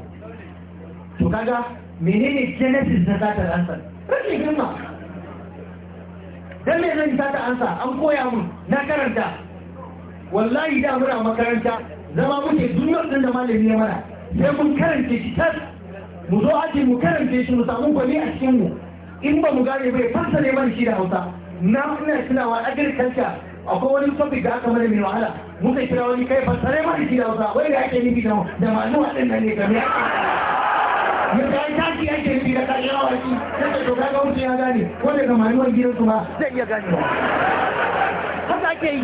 to kaga menene genesis na zata ansa rashin girma dan me zan sata ansa an koya mun na karanta wallahi da muna makaranta zama muke duniyar ɗin da malami ya mana sai mun karanta shi tas mu zo aji mu karanta shi mu samu gwani a cikin mu in ba mu gane bai ne mana shi da hausa na ina tunawa agriculture akwai wani sofi da aka mana mai wahala muka kira wani kai ne mana shi da hausa wai da ake nufi da da a ɗin nan ne game ya ta yi taki ake nufi da kayan awaki sai ka to kaga mutum ya gane ko daga maluwar gidansu ba zai iya gane haka ake yi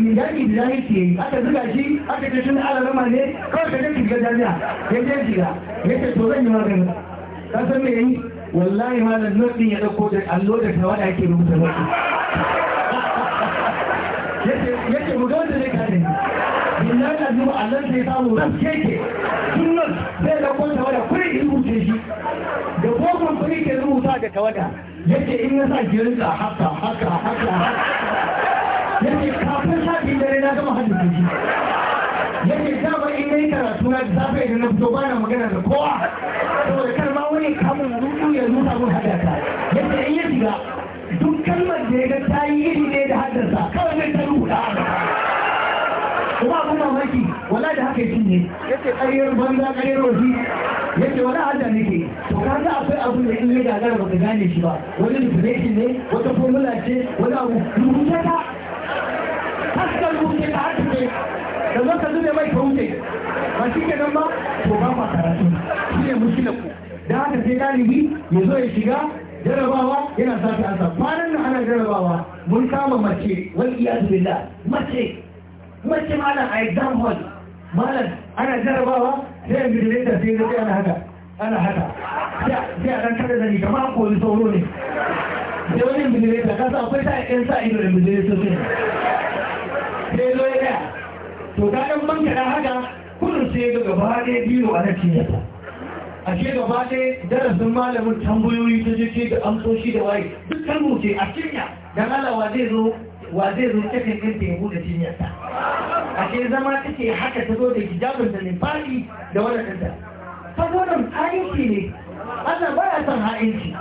zaki da zaki ke yi aka zuga shi aka ce shi ala zama ne kawai ka je shiga jami'a ya je shiga ya ce to zan yi magani ka san me yayi wallahi malam nodin ya dauko da allo da tawada ke rubuta ya ce mu ga wanda zai kare billahi azim Allah sai samu ras yake sunnan sai da kun tawada kuri in rubuce shi da gogon kuri ke rubuta da tawada yake in ya sa ki rinka haka haka haka yake sa fi dare na gama hajji da shi yake dama in yi karatu na da safe idan na fito ba na magana da kowa saboda kar ma wani kamun rudu ya rusa mun hadata yadda in ya shiga duk kalmar da ya ga ta yi iri ne da haddasa kawai zai ta rubuta kuma abin mamaki wala da haka shi ne yace ƙaryar banza ƙaryar wasi yace wala hadda nake to kaga akwai abin da in ya gagara baka gane shi ba wani definition ne wata formula ce wani abu rubuta ta Haskar wuce ta haɗu ne da zo ka zube mai ka wuce ba shi ke nan ba to ba ma karatu shi ne mushkilar ku da haka sai ɗalibi ya zo ya shiga jarabawa yana sa ta ansa kwanan nan ana jarabawa mun kama mace wal iyadu billah mace mace malam a exam hall malam ana jarabawa sai yanzu da yadda sai zai ana haka ana haka sai a ɗan kada da ni kamar koyi sauro ne sai wani invigilator kasa akwai sa yan sa ido da invigilator sai da ya zo to ta ɗan haka kudin sai ga gaba ɗaya biyu a na cinyata a ke gaba darasin malamin tambayoyi ta jirgin da amsoshi da waye dukkan mu rubuce a cinya don Allah wa zai zo wa zai zo cikin ɗin ta da cinyata a ke zama take haka ta zo da hijabin da ne faɗi da wani ɗanta saboda aiki ne Allah baya son ha'inci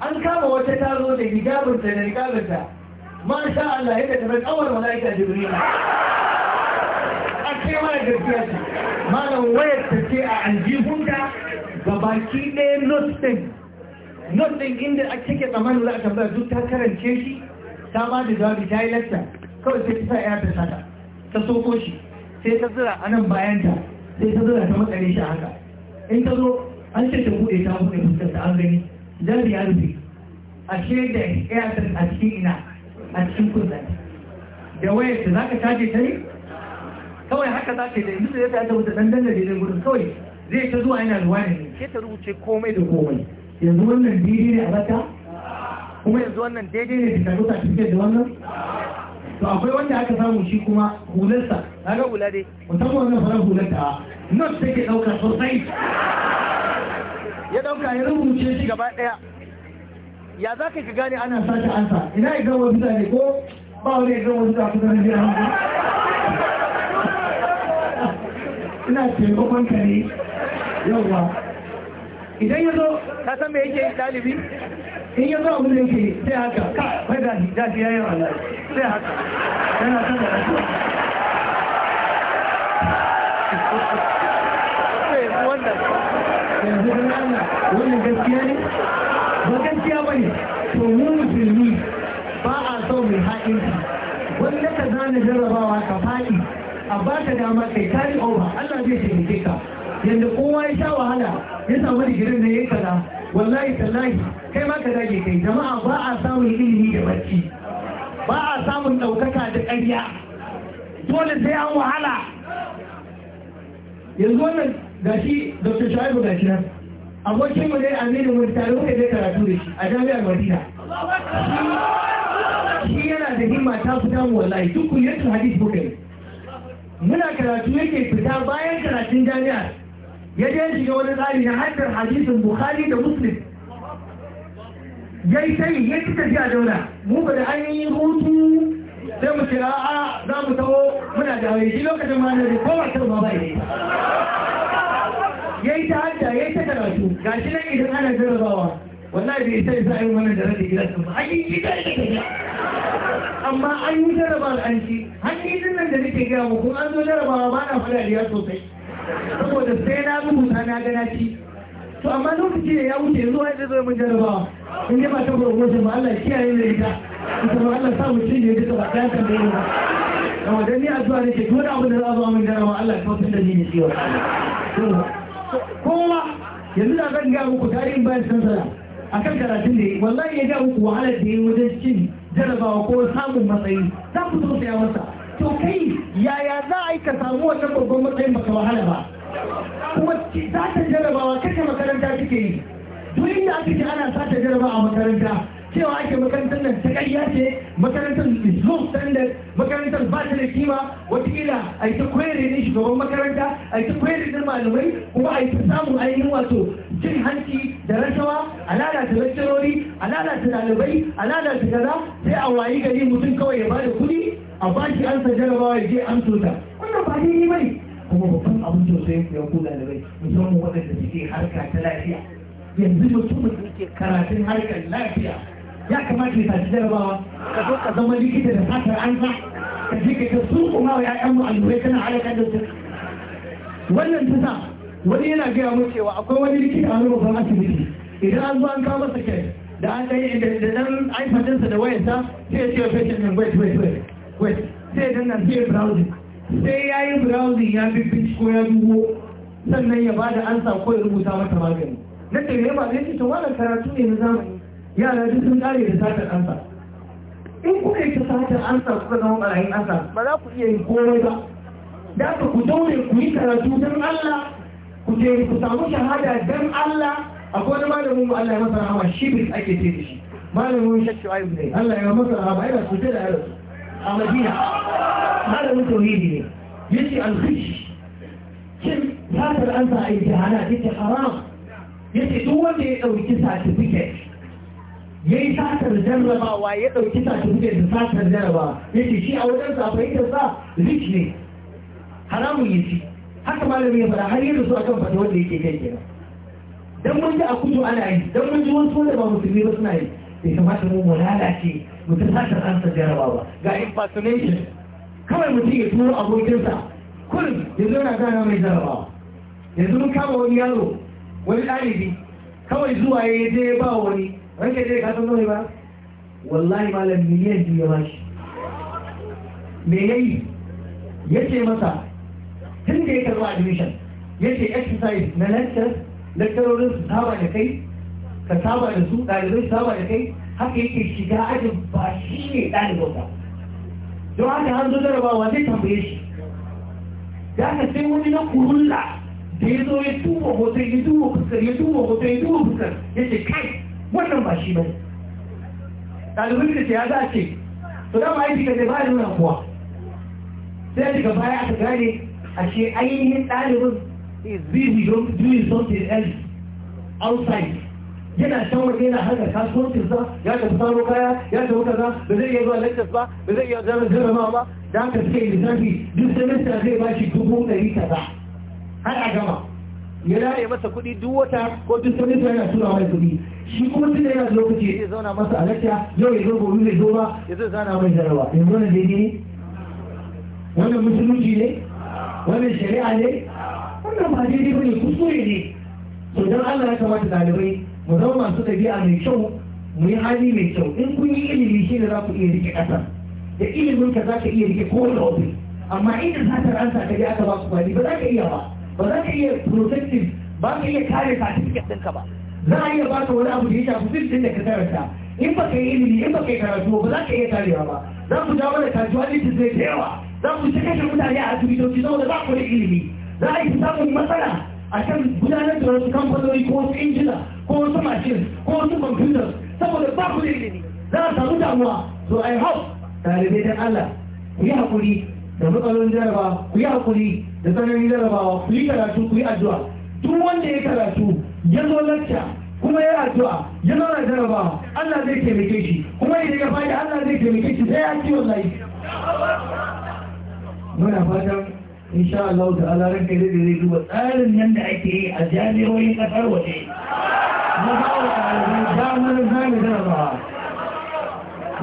an kama wata ta zo da hijabin da ne rikabinta ma sha Allah yadda ta bai kawar mala'ika jibril a ce mana gaskiya ce malam wayar ta ce a aljihunta ga baki ɗaya nostin nostin inda a cike tsammanin za a tambaya duk ta karance shi ta ba da jawabi ta yi lacca kawai sai ta sa ya ta sata ta soko shi sai ta zura a nan bayanta sai ta zura ta matsare shi haka in ta zo an ce ta buɗe ta buɗe fuskar ta an gani Zan ya rufe ashe da ya a cikin ina a cikin kullum da waye da za ka caje ta ne kawai haka za ka da yanzu da ya ta tabbata dandan da daidai gudun kawai zai ta zuwa yana ruwa ne ke ta rubuce komai da komai yanzu wannan daidai ne a zata kuma yanzu wannan daidai ne da ta tafiya da wannan to akwai wanda aka samu shi kuma hularsa ga hula dai musamman wannan farar hular ta not take dauka sosai ya dauka ya rubuce shi gaba daya ya za ka gane ana sace ansa ina ya gama zuta ne ko ba wani ya gama zuta kusa na jiran ina taimakon ka ne ba idan ya zo ka san me yake dalibi in ya zo abin da yake sai haka ka bai gashi gashi ya yi wallahi sai haka yana san da rasuwa sai wannan yanzu da Allah wannan gaskiya ne gaskiya ba ne to mu musulmi ba a so mai wani wanda ka zana jarrabawa ka faɗi a ba ka dama kai kari over Allah zai taimake ka yadda kowa ya sha wahala ya samu digirin da ya kaza wallahi tallahi kai ma ka dage kai jama'a ba a samun ilimi da barci ba a samun ɗaukaka da ƙarya dole sai an wahala yanzu wannan gashi dr shaibu gashi nan abokin mu ne aminu mun tare muka je karatu da shi a jami'ar madina shi yana da himma ta fita mu wallahi duk kulliyar hadis ko muna karatu yake fita bayan karatun jami'ar ya je shiga wani tsari na haddar hadisin bukhari da muslim ya yi sai ya ci a daula mu ba da an yi hutu sai mu kira a za mu taho muna da wani shi lokacin ma na da kowace ma bai ya yi ta hajja ya yi ta karatu ga shi nan idan ana jarabawa wallahi bai sai sa yi wannan da rage gidan ba an yi gida ita ta amma an yi jaraba an ci hanyoyin nan da nake gaya mu kuma an zo jarabawa ba na fara riya sosai saboda sai na rubuta na gana ci to amma lokaci da ya wuce zuwa ya zo mun jarabawa in ji ba ta promotion ba Allah kiyaye da ita ita ba Allah sa mu cinye duka ba ɗaya kan da ba amma dan ni addu'a nake duk wani abu da za a zo mun jarabawa Allah ya kautar da ni ne ciwo kowa yanzu da zan ga muku tarihin bayan sansara a kan karatun da yi wallahi ya ga muku wahalar da yi wajen cin jarabawa ko samun matsayi za ku zo saya masa to kai yaya za a yi ka samu wannan babban matsayin baka wahala ba kuma za ta jarabawa kashe makaranta kike yi duk inda aka ce ana sata jarabawa a makaranta cewa ake makarantar nan ta ƙarya ce makarantar low standard makarantar ba ta da kima watakila a yi ta kwere ne shugaban makaranta a yi ta kwere ne malamai kuma a yi ta samun ainihin wato jin hanci da rashawa a lalata lakcarori a lalata ɗalibai a lalata gaza sai a wayi gari mutum kawai ya bada kuɗi a bashi an sa jarabawa ya je an tota wannan ba ne bane kuma babban abin sosai ya ku ɗalibai musamman waɗanda suke harka ta lafiya yanzu mutumin da ke karatun harkar lafiya ya kamata ya tashi jarabawa ka zo ka zama likita da satar an sa ka je ka ta sun kuma wa ya'yan mu allurai kana halakar da su wannan ta sa wani yana gaya mu cewa akwai wani likita a wani babban asibiti idan an zo an kawo masa kai da an ɗaya da dan aifatinsa da wayarsa sai ya ce wa patient ɗin wait wait wait wait sai ya danna sai ya browsing sai ya yi browsing ya bi ko ya dubo sannan ya bada ansa ko ya rubuta mata magani na ne ba zai ce to wannan karatu ne na zamani yara duk sun kare da satar ansa in kuka yi ta satar ansa kuka zama barayin ansa ba za ku iya yin komai ba da aka ku daure ku yi karatu don Allah ku je ku samu shahada don Allah akwai wani malamin mu Allah ya masa rahama shi bis ake ce da shi malamin shakki ayyub ne Allah ya masa rahama yana kuce da yaro a Madina malamin tauhidi ne yace al-khish kin satar ansa a yi jihana yace haram yace duk wanda ya dauki certificate ya yi satar jarrabawa ya ɗauki satifiket da satar jarrabawa ya ce shi a wajen sa fahimtar sa rich ne haramun ya ci haka malami ya fara har yadda su akan fata wanda yake kai kenan don mun ji a kudu ana yi don mun ji wasu wanda ba musulmi ba suna yi bai kamata mu mu lalace mu ta satar ansa jarrabawa ga impersonation kawai mutum ya turo abokinsa kullum ya zo na gana mai jarrabawa yanzu mun kama wani yaro wani ɗalibi kawai zuwa ya je ya ba wani ranke dai ka san nawa ba wallahi malam miliyan biyu ya bashi me ya ce masa tun da ya karba admission ce exercise na lecture lecturerin su saba da kai ka saba da su ɗalibai su saba da kai haka yake shiga ajin ba shi ne ɗaliban ba don haka an zo jarabawa zai tambaye shi da aka sai wani na kurulla da ya zo ya tuba hoton ya tuba fuskar ya tuba hoton ya tuba fuskar ya ce kai wannan ba shi ba ne ɗalibin da ce ya za a ce to da aiki ka zai ba nuna kuwa sai daga baya aka gane a ce ainihin ɗalibin is busy doing something else outside yana can waje yana harkar kasuwancin sa ya tafi samun kaya ya tafi kaza ba zai iya zuwa lectures ba ba zai iya zama jarrama ba da haka suke lissafi duk semester zai ba shi dubu ɗari kaza har a gama ya laye masa kuɗi duk wata ko duk sani ta yana tura mai kuɗi shi kuma tun da yana lokaci ya zauna masa a lakta yau ya zo gobe mai zo ba ya zai zana mai jarawa yanzu wannan daidai ne wannan musulunci ne wannan shari'a ne wannan ba daidai ba ne kuskure ne to don Allah ya kamata ɗalibai mu zama masu ɗabi'a mai kyau mu yi hali mai kyau in kun yi ilimi shi ne za ku iya rike ƙasa da ilimin za ka iya rike kowane ofis amma inda za ta ransa ka je aka ba ku ba, ba za ka iya ba ba za ka iya protective ba ka iya kare certificate ɗinka ba za a iya baka wani abu da ya shafi fil ɗin da ka karanta in ba ka yi ilimi in ba ka yi karatu ba za ka iya karewa ba za ku jawo da kasuwa ɗin zai da yawa za ku ci kashe mutane a asibitoci saboda ba ku da ilimi za a yi samun matsala a kan gudanar da wasu kamfanoni ko wasu injina ko wasu mashin ko wasu kwamfutar saboda ba ku da ilimi za a samu damuwa so i hope ɗalibai don allah ku yi haƙuri da matsalolin jaraba ku yi haƙuri da tsananin jarabawa ku yi karatu ku yi addu'a duk wanda ya karatu ya zo lacca kuma ya addu'a ya zo na jarabawa Allah zai taimake shi kuma idan ya fadi Allah zai taimake shi sai ya ci wallahi muna fatan insha Allah da Allah ranka da zai duba tsarin nan da ake yi a jami'o'in kasar waje na bawa ɗalibai damar zami jarabawa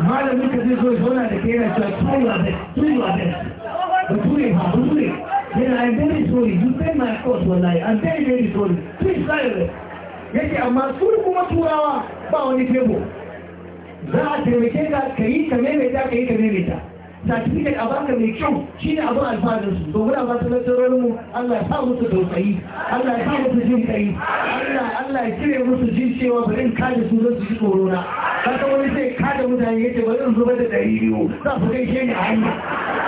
malamin ka zai zo zauna da kai yana cewa tuwa da tuwa da bature ba bature Then I'm very sorry. You pay my cost online. I'm very, very sorry. Please Yes, I'm silence. Yake amma su kuma turawa ba wani tebo. Za a taimake ka ka yi ka maimaita ka yi ka maimaita. Satifiket a baka mai kyau shine abin alfaharin su to muna fatan nasarorin mu Allah ya sa musu tausayi Allah ya sa musu jin kai Allah Allah ya kire musu jin cewa bari in kaje su zan su ji tsoro na ka wani sai kada mutane yace bari in zubar da ɗari biyu za su kai shi ne a hanya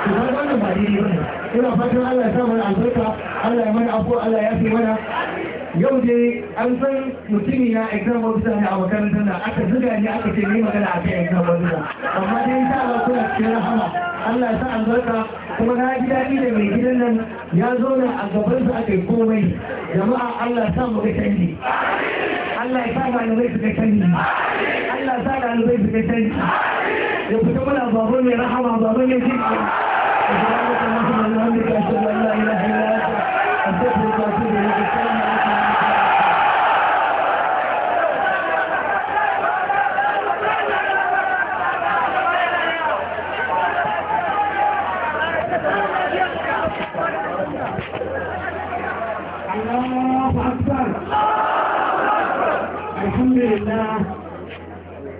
to ba wannan ba daidai bane ina fatan Allah ya sa mana albarka Allah ya mana afuwa Allah ya fi mana yau dai an san mutumi na exam officer ne a makarantar da aka zuga ne aka ce ne magana a kan exam officer amma dai insha Allah kuna cikin rahama Allah ya sa albarka kuma na ji daɗi da mai gidan nan ya zo na a gaban su aka yi komai jama'a Allah ya sa mu ga canji Allah ya sa ɗalibai su ga canji Allah ya sa ɗalibai su ga canji ya fita mana babu mai rahama babu mai jin ƙarfi.